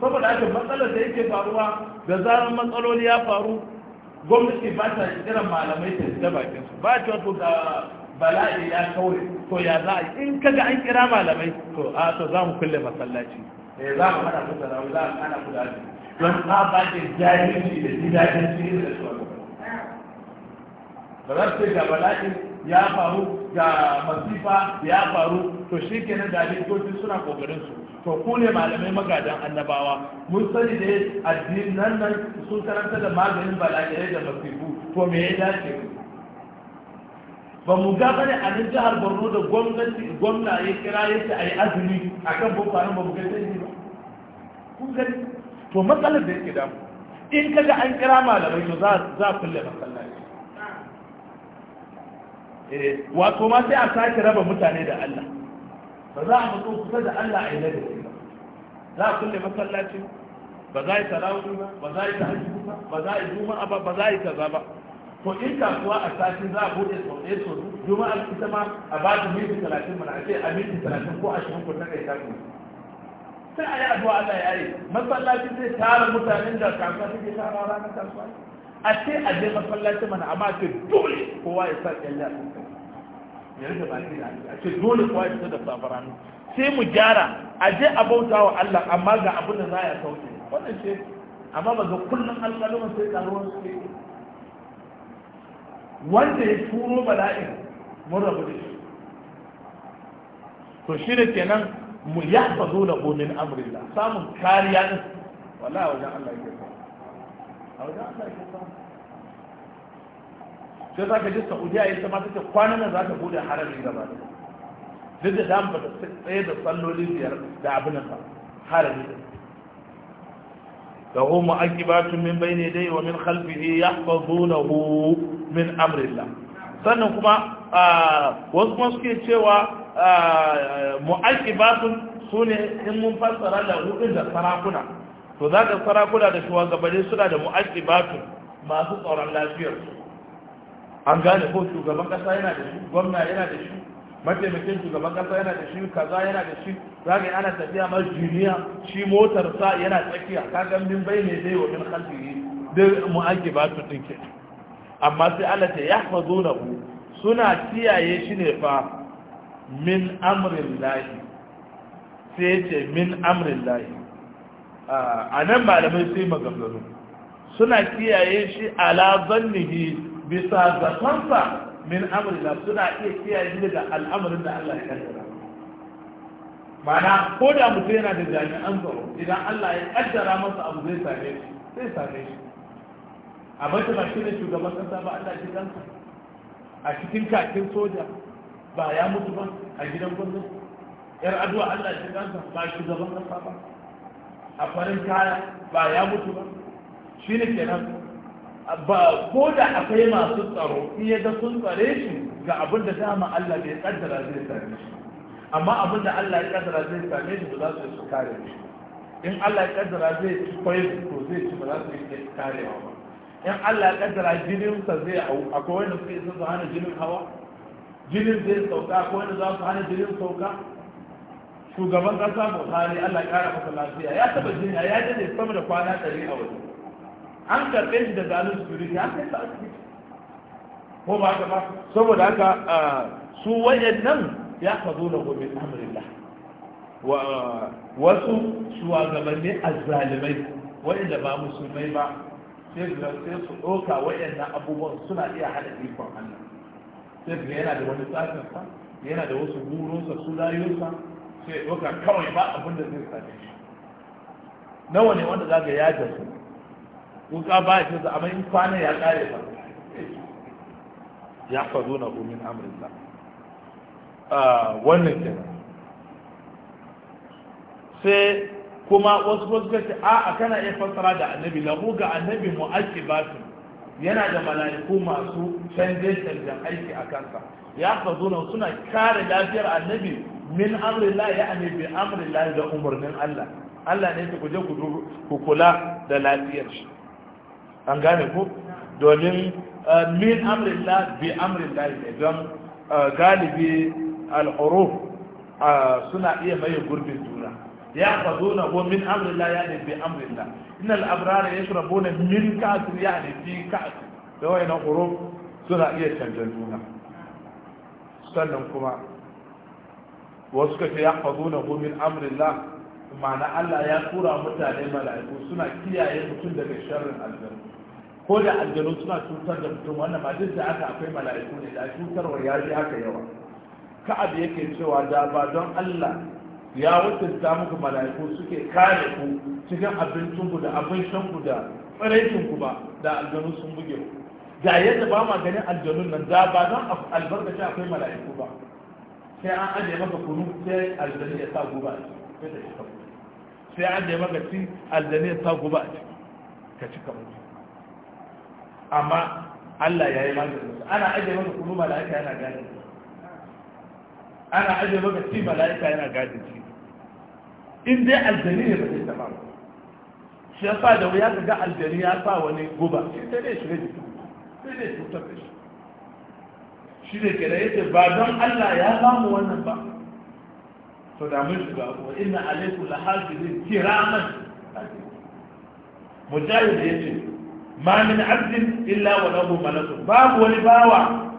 saboda haka matsalar da yake faruwa da zarar matsaloli ya faru gwamnati ba ta kiran malamai ta da bakin ba ta wato ga bala'i ya kawai to ya za a in kaga an kira malamai to a to za mu kulle masallaci eh za mu hana ku tarawih za mu hana ku da don ba ba da jahilci da gidajen cikin da su ba za su ga bala'i ya faru ga masifa ya faru to shi kenan da likitoci suna kokarin su to ku ne malamai magadan annabawa mun sani da addinin nan nan sun karanta da maganin bala'irai da masifu to me ya dace ba mu ga bane a nan jihar Borno da gwamnati gwamna ya kira ya ce yi azumi akan boko haram ba mu ga sai ba kun gani to matsalar da yake damu in kaga an kira malamai to za za kulle matsala. wato ma sai a sake raba mutane da Allah ba za a mutu kusa da Allah a yi ladabi ba za a kulle masallaci ba za a yi tarawih ba ba za a yi tahajjud ba ba za a yi juma'a ba ba za a yi kaza ba to in kasuwa a sati za a bude sau ɗaya sau biyu juma'a ita ma a ba ta minti talatin mana a ce a minti talatin ko ashirin ko na kai ta sai a yi addu'a Allah ya yi masallaci zai tara mutanen da kasuwa suke tara ranar kasuwa a ce a je masallaci mana amma ce dole kowa ya sa ƙyalli a ya rage baki da a ce dole kowa ya da sai mu gyara a je a bauta wa Allah amma ga abin da za a sauke wannan ce amma ba ga kullum alƙaluman sai ƙaruwar su wanda ya turo bala'in mun rabu da shi to shi da kenan mu ya zo da gomin amurila samun kariya din wallahi wajen Allah ya sa a wajen Allah ya sa sai za ka ji saudiya ita ma take kwanan nan za ta bude haramin gaba duk da damu ba ta tsaye da salloli biyar da abin nan ba harami da hu mu'aqibatun min bayni dai wa min khalfihi yahfazunahu min amrillah sannan kuma wasu kuma suke cewa mu mu'aqibatun sune in mun fassara da hudun da sarakuna to za ka sarakuna da shugabanni suna da mu mu'aqibatun masu tsaron lafiyarsu an gane ko shugaban kasa yana da shi gwamna yana da shi mataimakin shugaban kasa yana da shi kaza yana da shi Za zaga ana tafiya ma jiniya shi motar sa yana tsakiya ka ga min ne dai wa min mu dai ba su dinke amma sai Allah ta yahfazunahu suna kiyaye shi ne fa min amrin lahi sai ce min amrin lahi a nan malamai sai maganganu suna kiyaye shi ala zannihi bisa zatonsa min amurina suna iya kiyaye daga al'amarin da Allah ya kaddara mana ko da mutum yana da jami'an tsaro idan Allah ya kaddara masa abu zai same shi zai same shi a mace ba shine shugaban kasa ba Allah ji kansa a cikin kakin soja ba ya mutu ba a gidan gwamnati yar addu'a Allah ji kansa ba shugaban kasa ba a farin kaya ba ya mutu ba shine kenan ba ko da akwai masu tsaro in yadda sun tsare shi ga abin da dama Allah bai kaddara zai same shi amma abin da Allah ya kaddara zai same shi ba za su su kare shi in Allah ya kaddara zai ci kwai to zai ci ba za su yi kare ba in Allah ya kaddara jinin sa zai hau akwai wanda suke sun su hana jinin hawa jinin zai sauka akwai wanda za su hana jinin sauka shugaban kasa Buhari Allah ya kara masa lafiya ya taba jini ya dade sama da kwana 100 a waje an karɓe shi da zalun security an kai su asibiti ko ba ka ba saboda haka su wayannan ya kazo na gobe amrillah wasu shugabanni azzalimai wa'inda ba musulmai ba sai su ɗauka wa'annan abubuwan suna iya hada ikon Allah sai su yana da wani tsakin sa yana da wasu burinsa su layunsa sai ɗauka kawai ba abin da zai same shi nawa ne wanda za ga ya su wuka ba shi fesa amma in kwana ya kare ba ya faru na umin amurka ah, wannan ke sai kuma wasu wasu gaske a kana iya fassara da annabi lahu ga annabi su yana da malayiku masu canje canjen aiki a kansa ya na suna kare lafiyar annabi min amrillah ya annabi amrillah da umarnin Allah Allah ne ku je ku kula da lafiyar shi an gane ku domin uh, min amrillah bi amrillah ne don uh, galibi al'uruf uh, suna iya maye gurbin juna ya fazo na ko min amrillah ya ne bi amrillah ina al'abrara ya shi rabu min kasir ya ne fi kasir da wani na uruf suna iya canjar juna sannan kuma wasu kace ya fazo na ko min amrillah ma'ana Allah ya tura mutane mala'iku suna kiyaye mutum daga sharrin aljanna ko da aljanu suna cutar da mutum wannan ma duk da aka akwai mala'iku ne da cutarwa ya ji haka yawa ka'ab yake cewa da ba don Allah ya wutunta muku mala'iku suke kare ku cikin abincin ku da abin ku da ku ba da aljanu sun buge ku da yadda ba ma ganin aljanun nan da ba don albarkaci akwai mala'iku ba sai an ajiye maka kunu sai aljanu ya sa guba a sai an ajiye maka cin aljanu ya sa guba a ka cika mutu amma Allah ya yi maganin ana ajiye maka kuma mala'ika yana gadin ana ajiye maka ci mala'ika yana gadin ci in dai aljani ne ba zai taba ba shi ya sa da wuya ka ga aljani ya sa wani guba shi sai dai shiga jiki sai dai cutar da shi shi ne ke yake ba don Allah ya samu wannan ba to da mun shiga wa inna alaikum lahafizin kiraman mujahid yake. ma min abdin illa wa lahu malakun babu wani bawa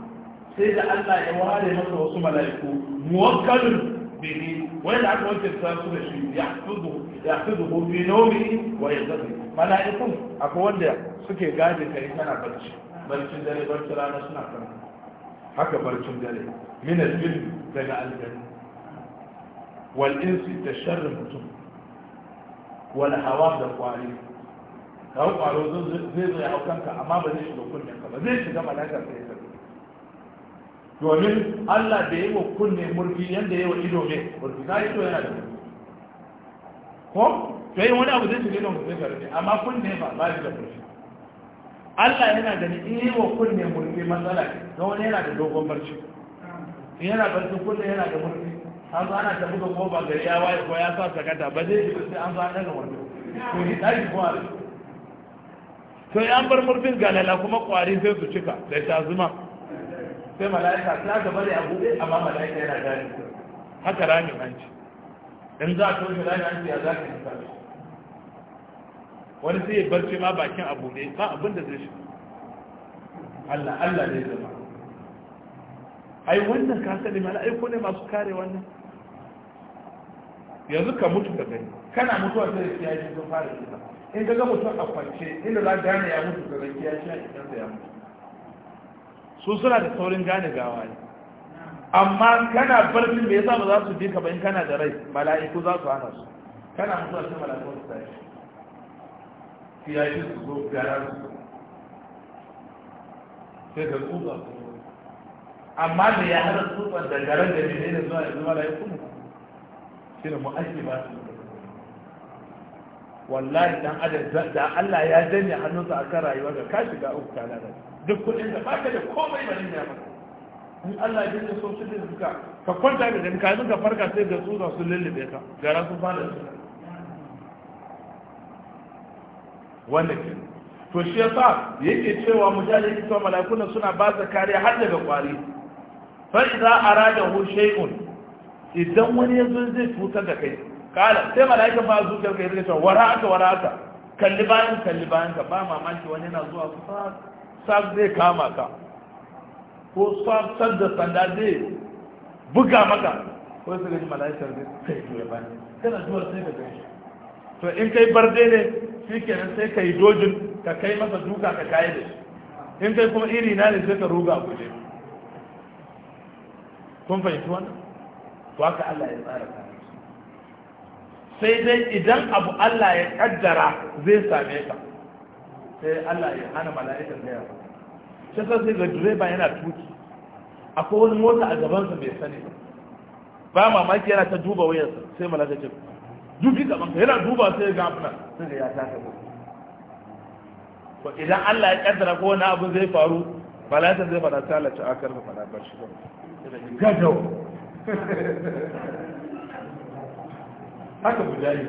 sai da Allah ya ware masa wasu mala'iku muwakkalun bihi wanda aka wakilta su da shi ya tudu ya ko bi nomi wa yazdi mala'ikun akwai wanda suke gaje kai kana barci barcin dare barcin rana suna kan haka barcin dare min al daga aljanna wal insi da sharri mutum wal hawa da kwari kawo ƙwaro zai zo ya hau kanka amma ba zai shiga kunnen ka ba zai shiga malaka sai ka domin Allah da yi wa kunne murfi yadda yi wa ido ne murfi ka ido yana da murfi ko to yi wani abu zai shiga idon zai ne, amma kunne ba ba shi da murfi Allah yana da ni yi wa kunne murfi matsala ne don wani yana da dogon barci in yana barci kunne yana da murfi an zo ana ta buga ko ba gari ya waye ko ya sa sakata ba zai shiga sai an zo an daga wani to ni ɗaki ko a to an bar murfin galala kuma kwari sai su cika ta zuma. sai mala'ika ta gaba da abu amma mala'ika yana gani haka ramin hanci in za a toshe ramin hanci ya za ka yi sami wani sai ya barci ma bakin abu ne ba abin da zai shi Allah Allah ne zama ai wannan ka sani mala'iku ne masu kare wannan yanzu ka mutu ka gani kana mutuwa sai ya ji sun fara kisa in ka ga mutum a kwance inda za gane ya mutu ga ya shi a cikin ya mutu su suna da saurin gane gawa ne amma kana barcin da yasa ba za su bi ka ba in kana da rai mala'iku za su hana su kana mutuwa sai mala'iku su tashi su yashi su zo gara su sai ka tsutsa amma da ya hana tsutsan da garan da ne ne zuwa yanzu mala'iku ne shi ne mu'ajiba su wallahi dan adam da Allah ya janye hannunsa akan rayuwa ga ka shiga uku kana da duk kudin da baka da komai ba ne ya maka in Allah ya janye sosai da suka ka kwanta da dan kafin ka farka sai da tsutsa su lullube ka gara sun fara su wannan ke to shi ya sa yake cewa mujahidi to malakuna suna ba za kariya har daga kwari fa idza arada hu shay'un idan wani yanzu zai cutar da kai kala sai mala'ikan ba zuciyar ka ya cewa wara aka wara aka kalli bayan kalli bayan ka ba mamaki wani yana zuwa kusa sab zai kama ka ko sab sab da sanda zai buga maka ko sai ga mala'ikar zai kai juya bayan kana zuwa sai ka gani to in kai barde ne shi kenan sai ka yi dojin ka kai masa duka ka kayi da in kai kuma iri na ne sai ka ruga guje kun fahimci wannan to haka Allah ya tsara ka sai dai idan abu Allah ya kaddara zai same ka sai Allah ya hana mala'ikan gaya ba shi sai ga direba yana tuki akwai wani mota a gabansa bai sani ba mamaki yana ta duba wayarsa sai mala'ikan ce dubi gaban ka yana duba sai ga abuna sai ga ya taka ko idan Allah ya kaddara ko wani abu zai faru mala'ikan zai fara ta lalace akar ba fara ba shi ba gaggawa haka mujahid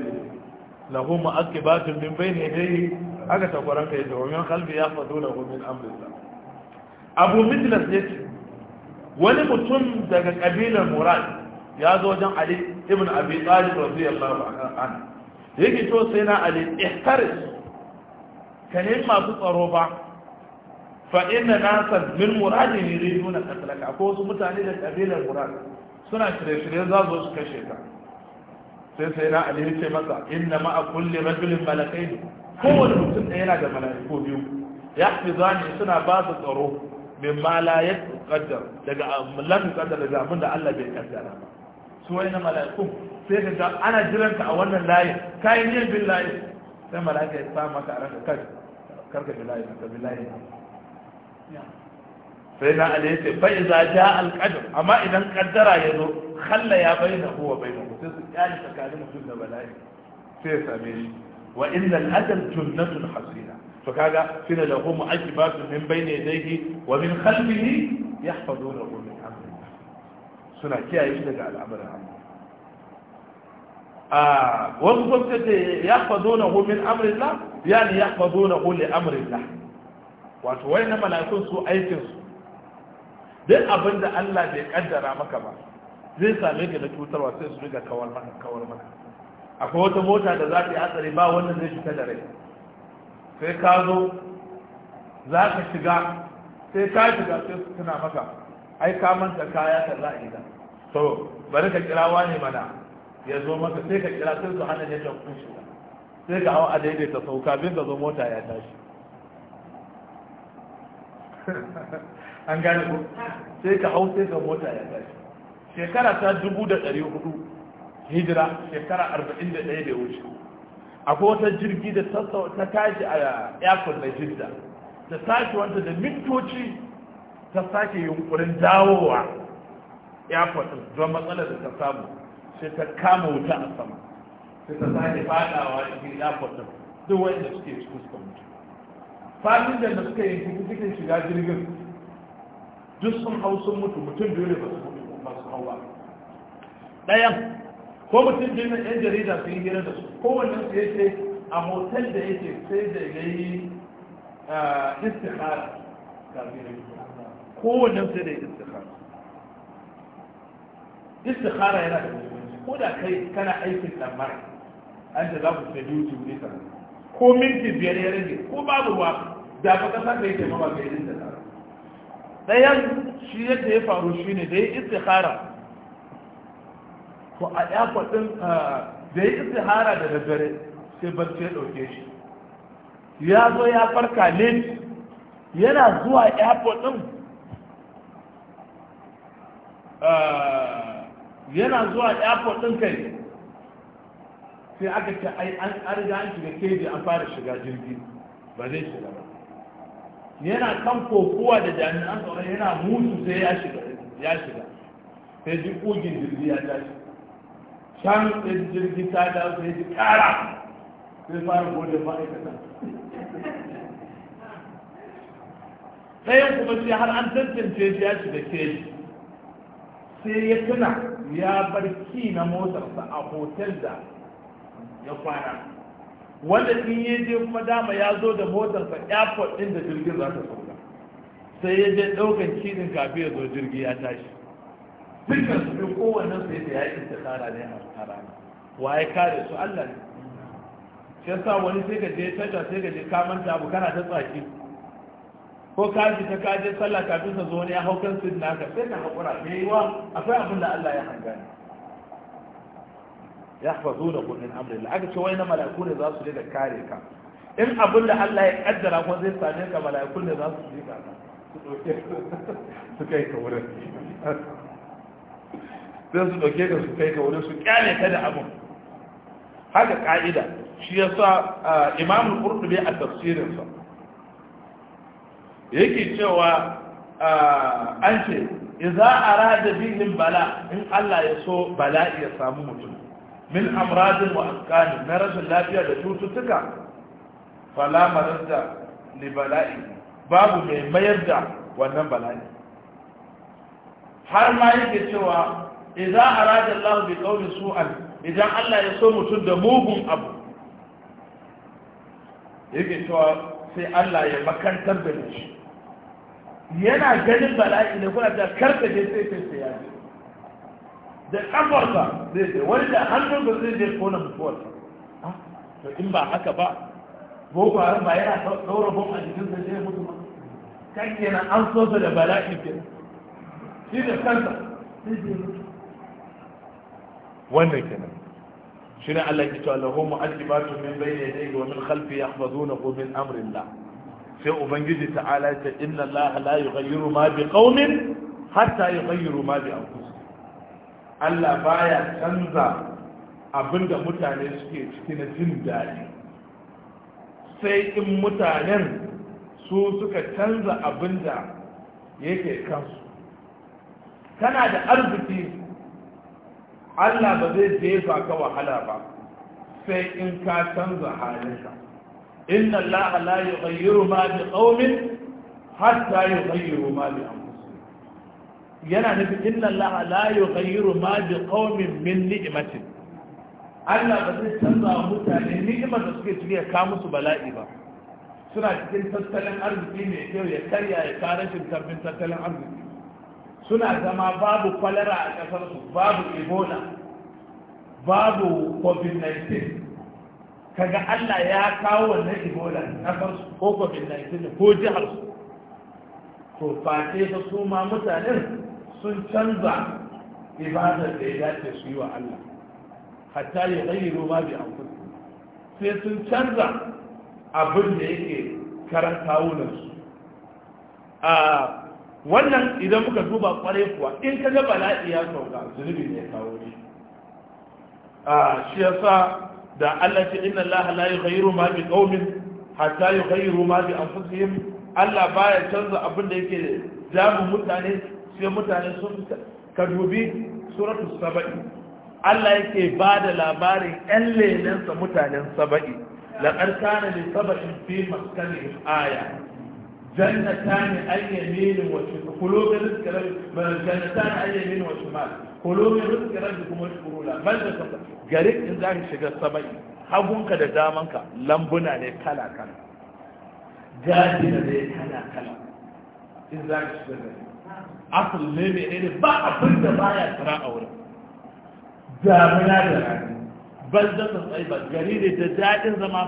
lahu mu'aqibatun min bayni yadayhi haka takwaran kai da wannan kalbi ya fado da min amrillah abu midlas yace wani mutum daga kabilar murad ya zo wajen ali ibn abi talib radiyallahu anhu yake to sai na ali ihtaris kanin ma masu tsaro ba fa inna nasa min muradi ne riduna katlaka ko wasu mutane da kabilar murad suna shirye-shirye za su kashe ka sai sai na ali yace masa inna ma'a kulli rajulin ne. kowane mutum ɗaya yana da mala'iku biyu yahfizani suna ba su tsaro min ma la yaqaddar daga lam yaqaddar daga abin da Allah bai kaddara ba su na mala'ikun sai ka ga ana jiran ka a wannan layin kayan yin bin layin sai mala'ika ya sa maka a ranka kai karka bi layin ka bi layin sai na ali yace fa iza jaa al qadar amma idan kaddara ya zo khalla ya bai na huwa bai na sai su kyale tsakanin mutum da bala'i sai ya same shi wa inna al ajal jannatun hasina to kaga sina lahu mu'aqibatun min bai bayni yadayhi wa min khalfihi yahfazunahu min amri suna kiyaye shi daga al'amuran Allah ah, wasu sun ce ya fazo na min amrillah ya ne ya fazo na li amrillah wato wai na malakun su aikinsu duk abin da Allah bai kaddara maka ba zai same ka da cutarwa sai su riga kawar maka kawar maka akwai wata mota da za ta yi hatsari ba wanda zai fita da rai sai ka zo za ka shiga sai ka shiga sai su tuna maka ai ka manta kaya ka za a gida to bari ka kira wani mana ya zo maka sai ka kira sai su hana ne da kun shiga sai ka hau a daidaita sauka bin ka zo mota ya tashi an gane ku sai ka hau sai ka mota ya tashi shekara ta dubu da ɗari hudu hijira shekara arba'in da ɗaya da wuce akwai wata jirgi da ta tashi a yakon na jidda ta tashi wanda da mintoci ta sake yunkurin dawowa airport don matsalar da ta samu sai ta kama wuta a sama sai ta sake fadawa cikin airport duk wanda suke cikin suka mutu fasinjan da suka yi cikin shiga jirgin duk sun hau sun mutu mutum biyu ne ba su mutu ba su hau ba ɗayan ko mutum biyu na yan jarida sun yi hira da su kowannen su yake a hotel da yake sai da ya yi istihara kowannen sai da ya istihara istihara yana da ko da kai kana aikin lamar an da za ku sai biyu ci wuri ko minti biyar ya rage ko babu wa da ba ka sa ka yi taimaka ga irin da ɗayan shi yadda ya faru shi ne da ya istihara ko a airport da ya istihara da daddare sai barci ya ɗauke shi ya zo ya farka ne yana zuwa airport ɗin yana zuwa airport ɗin kai sai aka ce ai an riga an shiga keji an fara shiga jirgi ba zai shiga ba yana kan kokowa da jami'an tsaron yana mutu sai ya shiga ya shiga sai ji kogin jirgi ya tashi can sai jirgi ta dawo sai ji kara sai fara gode ma'aikata ɗayan kuma sai har an tantance shi ya shiga keji sai ya tuna ya bar ki na motarsa a hotel da ya kwana wanda in ya je kuma dama ya zo da motarsa airport din da jirgin za ta sauka sai ya je ɗaukan kinin kafin ya zo jirgi ya tashi dukkan su bi kowannen sai da yaƙin ta tsara ne a rana ya kare su allah ne shi yasa wani sai ka je tata sai ka je ka manta abu kana ta tsaki ko ka ji ta kaje sallah kafin sa zo ne ya hau kan sin naka sai ka haƙura me yiwa akwai abin da allah ya hanga ne Ya yahfazunahu min amrillah aka ce wai na mala'iku ne za su da kare ka in abin da Allah ya kaddara ko zai same ka mala'iku ne za su ji ka su kai ka wurin sai su dauke ka su kai ka wurin su kyale ka da abin haka ka'ida shi ya sa Imam Qurtubi a tafsirin sa yake cewa an ce idza arada bihim bala in Allah ya so bala'i ya samu mutum min amradin wa asqani na rashin lafiya da cututtuka fala maradda li bala'i babu mai mayar da wannan bala'i har ma yake cewa idza arada Allah bi qawli su'an idan Allah ya so mutum da mugun abu yake cewa sai Allah ya makantar da shi yana ganin bala'i ne kuna da karkace sai sai sai ya ده كان فرصه ليه ولد هنجر بس دي يكون مش فرصه ها فكم بقى حكى بقى بوقع إيه؟ إيه؟ ما في إيه؟ ده كان وين كان شنو قال لك قال هم عذبات من بين يديه ومن خلفه يحفظونه من امر الله في اوبنجي تعالى ان الله لا يغير ما بقوم حتى يغير ما بانفسهم Allah baya canza abinda mutane suke ciki na jin daɗi sai in mutanen su suka canza abinda yake kansu kana da arziki Allah ba zai jefa ka wahala ba sai in ka canza halinka inna Allah la yughayyiru ma bi qaumin hatta yughayyiru ma bi anfusihim yana nufin inna Allah la yughayyiru ma bi qaumin min ni'matin Allah ba zai canza wa mutane ni'imar da suke cike ka musu bala'i ba suna cikin tattalin arziki mai kyau ya karya ya kare shi karbin tattalin arziki suna zama babu kwalara a kasar su babu ebola babu covid-19 kaga Allah ya kawo wannan ebola kasar su ko covid-19 ko jihar su to sai su ma mutanen sun canza ibadar da ya dace su yi wa Allah hatta ya ghayyiro ma bi anfusihim sai sun canza abin da yake karan kawunan su a wannan idan muka duba kwarai kuwa in ka ga bala'i ya sauka zunubi ne kawo ne a shi yasa da Allah ce inna Allah la yughayyiru ma bi qaumin hatta yughayyiru ma bi anfusihim Allah baya canza abin da yake damu mutane sai mutane sun ka dubi suratul saba'i Allah yake ba da labarin ƴan lelensa mutanen saba'i laqad kana li saba'in fi maskanihim aya jannatan an yamin wa shimal qulubun rizqi rabbikum jannatan an yamin wa shimal qulubun rizqi rabbikum washkuru la bal garin in za ka shiga saba'i hagunka da damanka lambuna ne kala kala gadi ne kala kala in za ka shiga asir ne mai ɗaya ba abin da ba ya tsira a wurin damina da rani ban da tsatsai ba gari ne da daɗin zama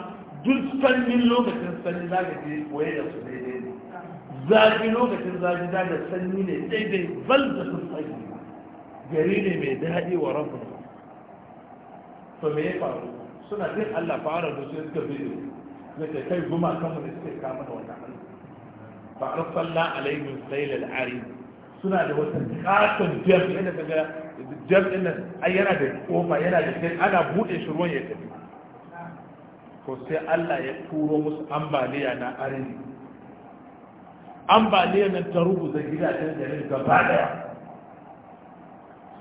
duk sanyin lokacin sanyi za ka je koye da su daidai ne zafi lokacin zafi za ka sanyi ne daidai ban da tsatsai gari ne mai daɗi wa rabu to me ya faru suna jin allah fara da su suka biyu da ta kai guma kan mu da suke kama da wannan ba a rufalla alaihi lailal arid suna da wata katon jam yana daga jam ɗin ai yana da koma yana da kai ana bude shi ruwan ya tafi ko sai Allah ya turo musu ambaliya na arini ambaliya nan ta rubuta gidajen garin gaba daya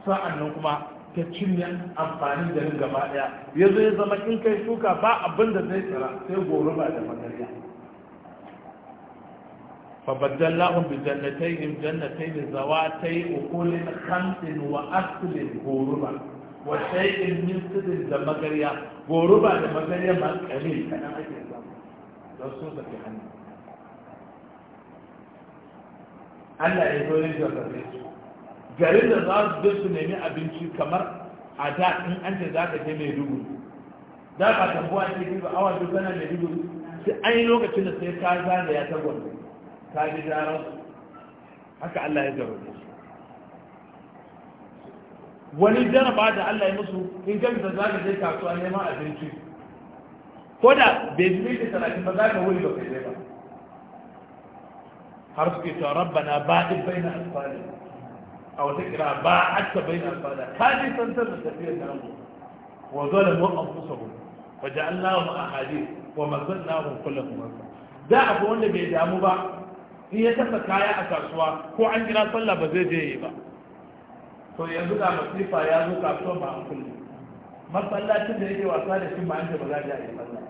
sa'an nan kuma ta cinye amfanin garin gaba daya yanzu ya zama in kai shuka ba abin da zai tsira sai goruba da magariya فبدلناهم بجنتين جنتين ذواتي أكل خمس وأكل غوربا وشيء من سدر دمجريا غوربا دمجريا ما قليل كان أجل رسول في حنين Allah ya zo yin jarrabe su garin da za su su nemi abinci kamar a da in an ce za ka je mai dubu da ba tambuwa ke dubu awa duk kana mai dubu sai an yi lokacin da sai ka zagaya ta gwamnati ta ji jaran haka Allah ya da su wani jaraba da Allah ya musu in gami da za ka je kasuwa neman abinci ko da bai ji mai talatin ba za ka wuri ba kai ba har suke cewa rabbana bai na asfali a wata kira ba'atta baina asfali ka ji santar da tafiyar da mu wa zalamu anfusahum wa ja'alnahum ahadith wa mazzalnahum kullu marsa da abu wanda bai damu ba in ya tafa kaya a kasuwa ko an gina sallah ba zai je yi ba to yanzu ga masifa ya zo kasuwa ba an kulle masallacin da yake wasa da shi ba an ba za a yi sallah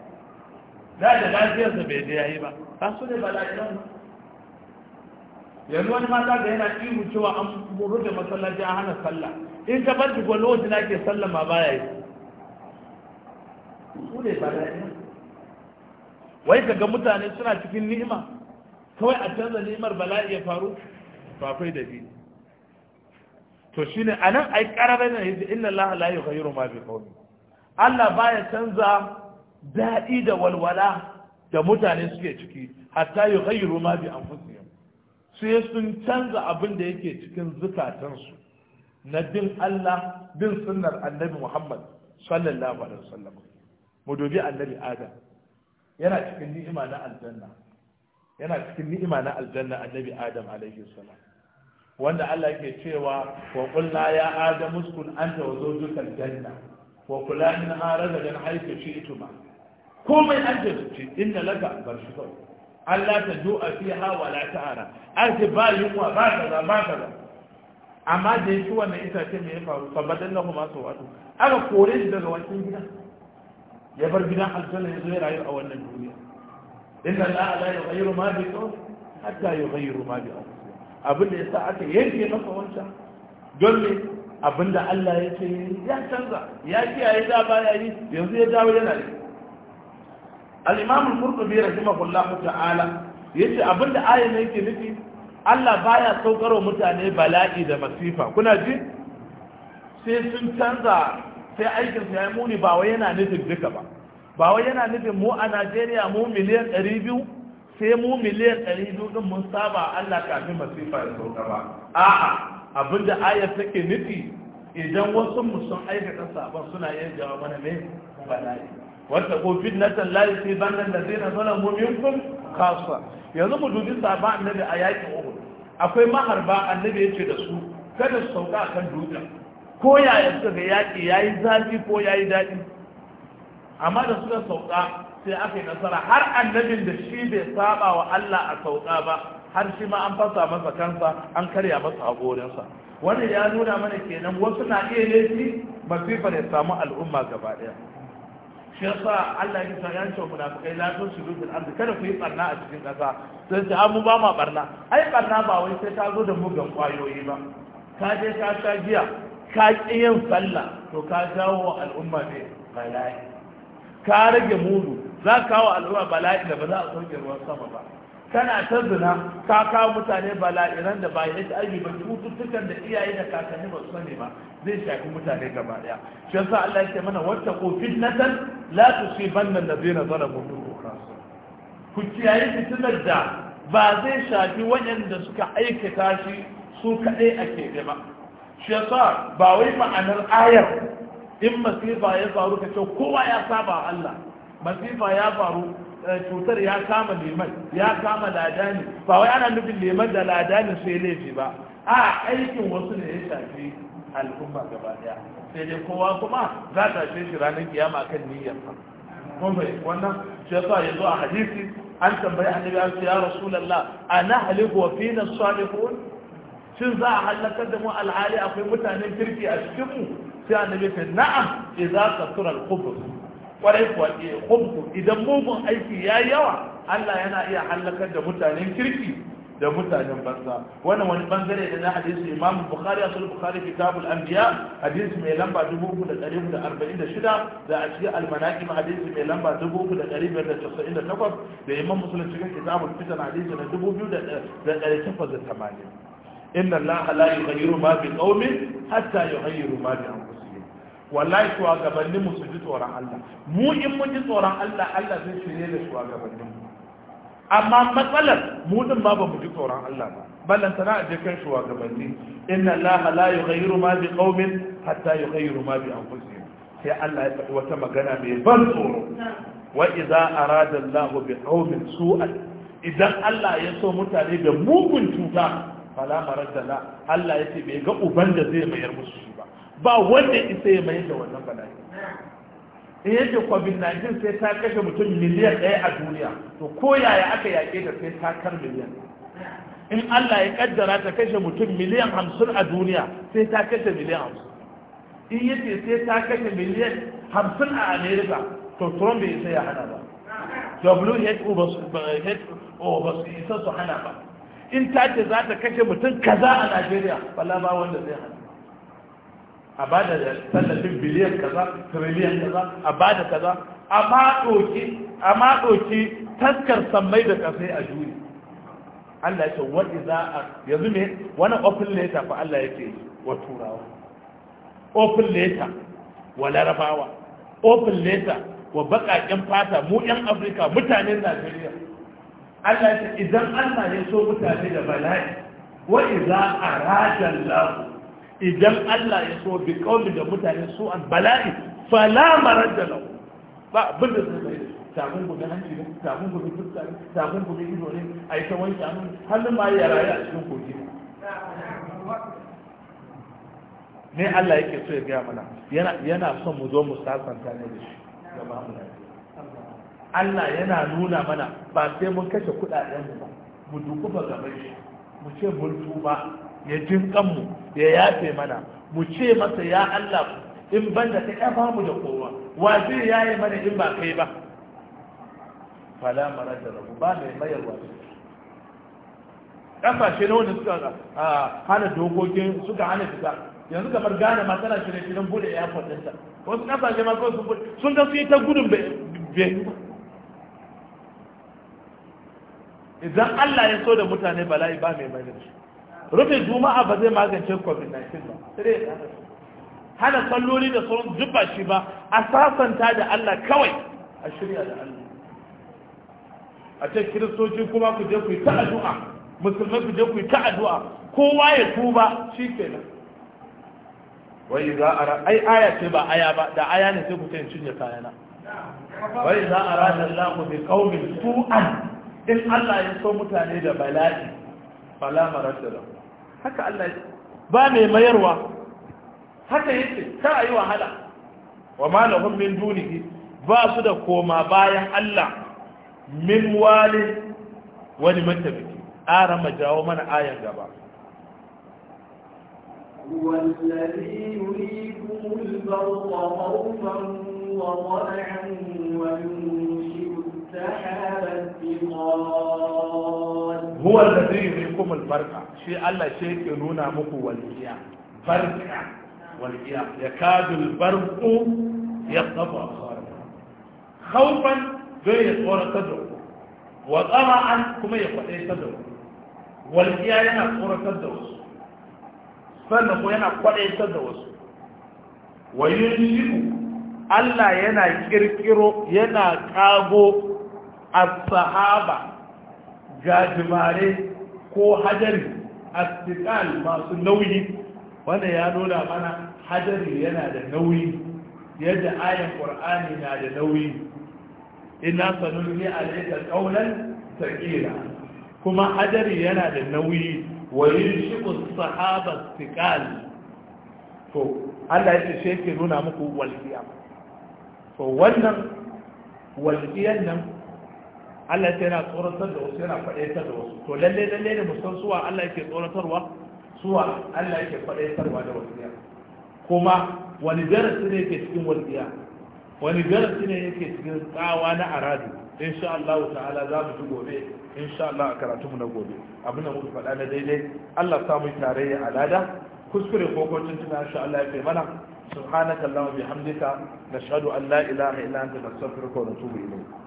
da da sa bai je yayi ba kasu ne ba lafiyar yanzu wani mata da yana ihu cewa an da masallaci an hana sallah in ka bar duk wani lokacin da ake sallah ma baya yi su ne ba lafiyar wai kaga mutane suna cikin ni'ima kawai a canza nemar bala'i ya faru ba kai da bi to shine anan ai kararar ne yace inna Allah la yughayyiru ma bi qawmi Allah baya canza dadi da walwala da mutane suke ciki hatta yughayyiru ma bi anfusihim sai sun canza abin da yake cikin zukatansu na bin Allah bin sunnar annabi Muhammad sallallahu alaihi wasallam mu dubi annabi Adam yana cikin ni'ima na aljanna yana cikin ni'ima na aljanna annabi adam alaihi salam wanda Allah yake cewa wa qulna ya adam uskun anta wa zawjuka aljanna wa kula min harajan haythu shi'tuma komai an da ce inna laka bar shi kawai Allah ta du'a fiha wa la ta'ara an ce ba yunwa ba kaza ba kaza amma da yake wannan itace me ya faru fa badalla kuma so wato aka kore shi daga wancan gida ya bar gidan aljanna ya zo ya rayu a wannan duniya inna Allah la yughayyiru ma bi qawmin hatta yughayyiru ma bi anfusihim abin da yasa aka yanke masa wancan don ne abin da Allah ya ce ya canza ya kiyaye da baya yi yanzu ya dawo yana yi al-imam al-qurtubi rahimahullahu ta'ala abin da ayan yake nufi Allah baya saukarwa mutane bala'i da masifa kuna ji sai sun canza sai aikinsa ya muni ba wai yana nufin duka ba ba wai yana nufin mu a najeriya mu miliyan ɗari biyu sai mu miliyan ɗari biyu mun saba allah kafin masifa ya sauka ba a'a abinda ayar take nufi idan wasu musun sun aikata sabon suna yin jawa mana mai bala'i wata ko fitnatan la ban nan da zai na zala mu minkum kasuwa yanzu mu dubi sabon annabi a yakin uhud akwai maharba annabi yace da su kada su sauka akan dutsen ko yaya suka ga yaki yayi zafi ko yayi daɗi amma da suka sauka sai aka yi nasara har annabin da shi bai saba wa Allah a sauka ba har shi ma an fasa masa kansa an karya masa haƙorinsa wannan ya nuna mana kenan wasu na iya laifi masifar ya samu al'umma gaba ɗaya shi yasa Allah ya kisa yan cewa munafikai la to shi rubul kada ku yi barna a cikin ƙasa sai ce mu ba ma barna ai barna ba wai sai ta zo da mugan kwayoyi ba ka je ka sha giya ka ƙi yin sallah to ka jawo al'umma ne bala'i ka rage mudu za ka kawo al'umma bala'i da ba za a sauke ruwan sama ba kana ta zina ka kawo mutane bala'iran da ba ya aiki ba cututtukan da iyaye da kakanni ba su sani ba zai shafi mutane gaba daya shi yasa Allah ya mana wata ko fitnatan la tusibanna allazina zalamu minkum ku kiyaye fitnar da ba zai shafi waɗanda suka aikata shi su kaɗai ake keɓe ba shi yasa ba wai ma'anar ayar in masifa ya faru ka ce kowa ya saba Allah masifa ya faru eh, cutar ya kama liman ya kama ladani ba wai ana nufin leman da ladani sai laifi ba a aikin wasu ne ya shafi al'umma gaba daya sai dai kowa kuma za ta ce shi ranar kiyama kan niyyar sa kun bai wannan shi yasa yanzu a hadisi an tambayi annabi an ya rasulullah ana haliku wa fina salihun shin za a halakar da mu alhali akwai mutanen kirki a cikin mu sai annabi ce na'am idza kasura al-khubth kwarai kuwa ke eh, khubth idan mugun aiki ya yi yawa Allah yana iya halakar da mutanen kirki da mutanen banza wannan wani bangare da na hadisi Imam Bukhari a sahih Bukhari kitabul anbiya hadisi mai lamba 3346 da a cikin al-manaqib hadisi mai lamba 3598 da Imam Muslim cikin kitabul fitan hadisi na 2880 inna Allah la yughayyiru ma bi qaumin hatta yughayyiru ma bi anfusihim wallahi shugabannin mu su ji tsoron Allah mu in mun ji tsoron Allah Allah zai shirye da shugabannin mu amma matsalar mu din ma ba mu ji tsoron Allah ba ballan sana a je kan shugabanni inna Allah la yughayyiru ma bi qaumin hatta yughayyiru ma bi anfusihim sai Allah ya faɗi wata magana mai ban tsoro wa idza arada Allah bi qaumin su'an idan Allah ya so mutane da mugun cuta fala maradda Allah ya ce bai ga uban da zai mayar musu ba wanda isa ya mai da wannan bala'i in yake covid-19 sai ta kashe mutum miliyan ɗaya a duniya to ko yaya aka yaƙe da sai ta kar miliyan in allah ya kaddara ta kashe mutum miliyan hamsin a duniya sai ta kashe miliyan hamsin in yace sai ta kashe miliyan hamsin a america to trump bai isa ya hana ba who ba su isa su hana ba in ta ce za ta kashe mutum kaza a najeriya bala ba wanda zai hana a ba da tallafin biliyan kaza triliyan kaza a ba da kaza a maɗoki ɗoki taskar sammai da kasai a juri Allah ya ce waɗi za a yanzu ne wani open letter fa Allah ya ce wa turawa open letter wa larabawa open letter wa baƙaƙen fata mu 'yan afirka mutanen najeriya Allah ya ce idan Allah ya so mutane da bala'i wa iza arajan lahu idan Allah ya so bi kauli da mutane su an bala'i fala maradda lahu ba abin da zai bai tabun gobe hanci ne tabun gobe fuska ne tabun gobe ido ne a yi ta wanke hannun ma ya raya a cikin kogi ne ne Allah yake so ya gaya mana yana son mu zo mu sasanta ne da shi ga ba mu Allah yana nuna mana ba sai mun kashe kudaden mu ba mu dukufa gaban shi mu ce mun tuba ya jin kanmu ya yafe mana mu ce masa ya Allah in ban da kai ba mu da kowa wa zai yaye mana in ba kai ba fala mara da rabu ba mai mayar mayarwa kasashe na wanda suka hana dokokin suka hana fita yanzu kamar gane ma tana shirye shiryen bude airport ɗinta wasu kasashe ma kawai sun bude sun ga su yi ta gudun bai idan Allah ya so da mutane bala'i ba mai mayar shi rufe juma'a ba zai magance covid-19 ba sai hana salloli da sauran duk shi ba a sasanta da Allah kawai a shirya da Allah a ce kiristoci kuma ku je ku yi ta addu'a musulmai ku je ku yi ta addu'a kowa ya tuba shikenan wai za a ra ai aya ce ba aya ba da aya ne sai ku ta cinye kayana wai za a ra da Allah bi qaumin su'an in Allah ya so mutane da bala'i fala maradda lahu haka Allah ya ba mai mayarwa haka yake ta ayi wahala wa ma lahum min dunihi ba su da koma bayan Allah min wali wani mataimaki ara jawo mana ayan gaba والذي يريكم البرق خوفا وطمعا وينشئ السحاب الثقال huwa alladhi yuriikum albarqa shi Allah shi yake nuna muku walqiya barqa walqiya yakadu albarqu yaqtabu absarakum khawfan bai tsorata da ku wa tsama'an kuma ya kwaɗe da ku walƙiya yana tsoratar da wasu sannan ko yana kwaɗaitar da wasu shiku Allah yana kirkiro yana kago a sahaba gajimare ko hajari astikal masu nauyi wanda ya nuna mana hajari yana da nauyi yadda ayan ƙwar'ani na da nauyi ina sanulmi alaikar ƙaunar sakila kuma hajari yana da nauyi wa yin shigun sahabar sikal to allah ya ce nuna muku walƙiya to wannan walƙiyan nan Allah ya yana tsoratar da wasu yana faɗaitar da wasu to lalle lalle ne musan suwa Allah yake tsoratarwa suwa Allah yake faɗaitarwa da wasu kuma wani darasi ne yake cikin wasiya wani darasi ne yake cikin tsawa na aradu insha Allah ta'ala za mu ji gobe insha Allah a karatu mu na gobe abin da muka faɗa na daidai Allah ya samu tarayya alada kuskure ko kwancin tuna insha Allah ya kai mana subhanakallahumma bihamdika nashhadu an la ilaha illa anta astaghfiruka wa atubu ilayk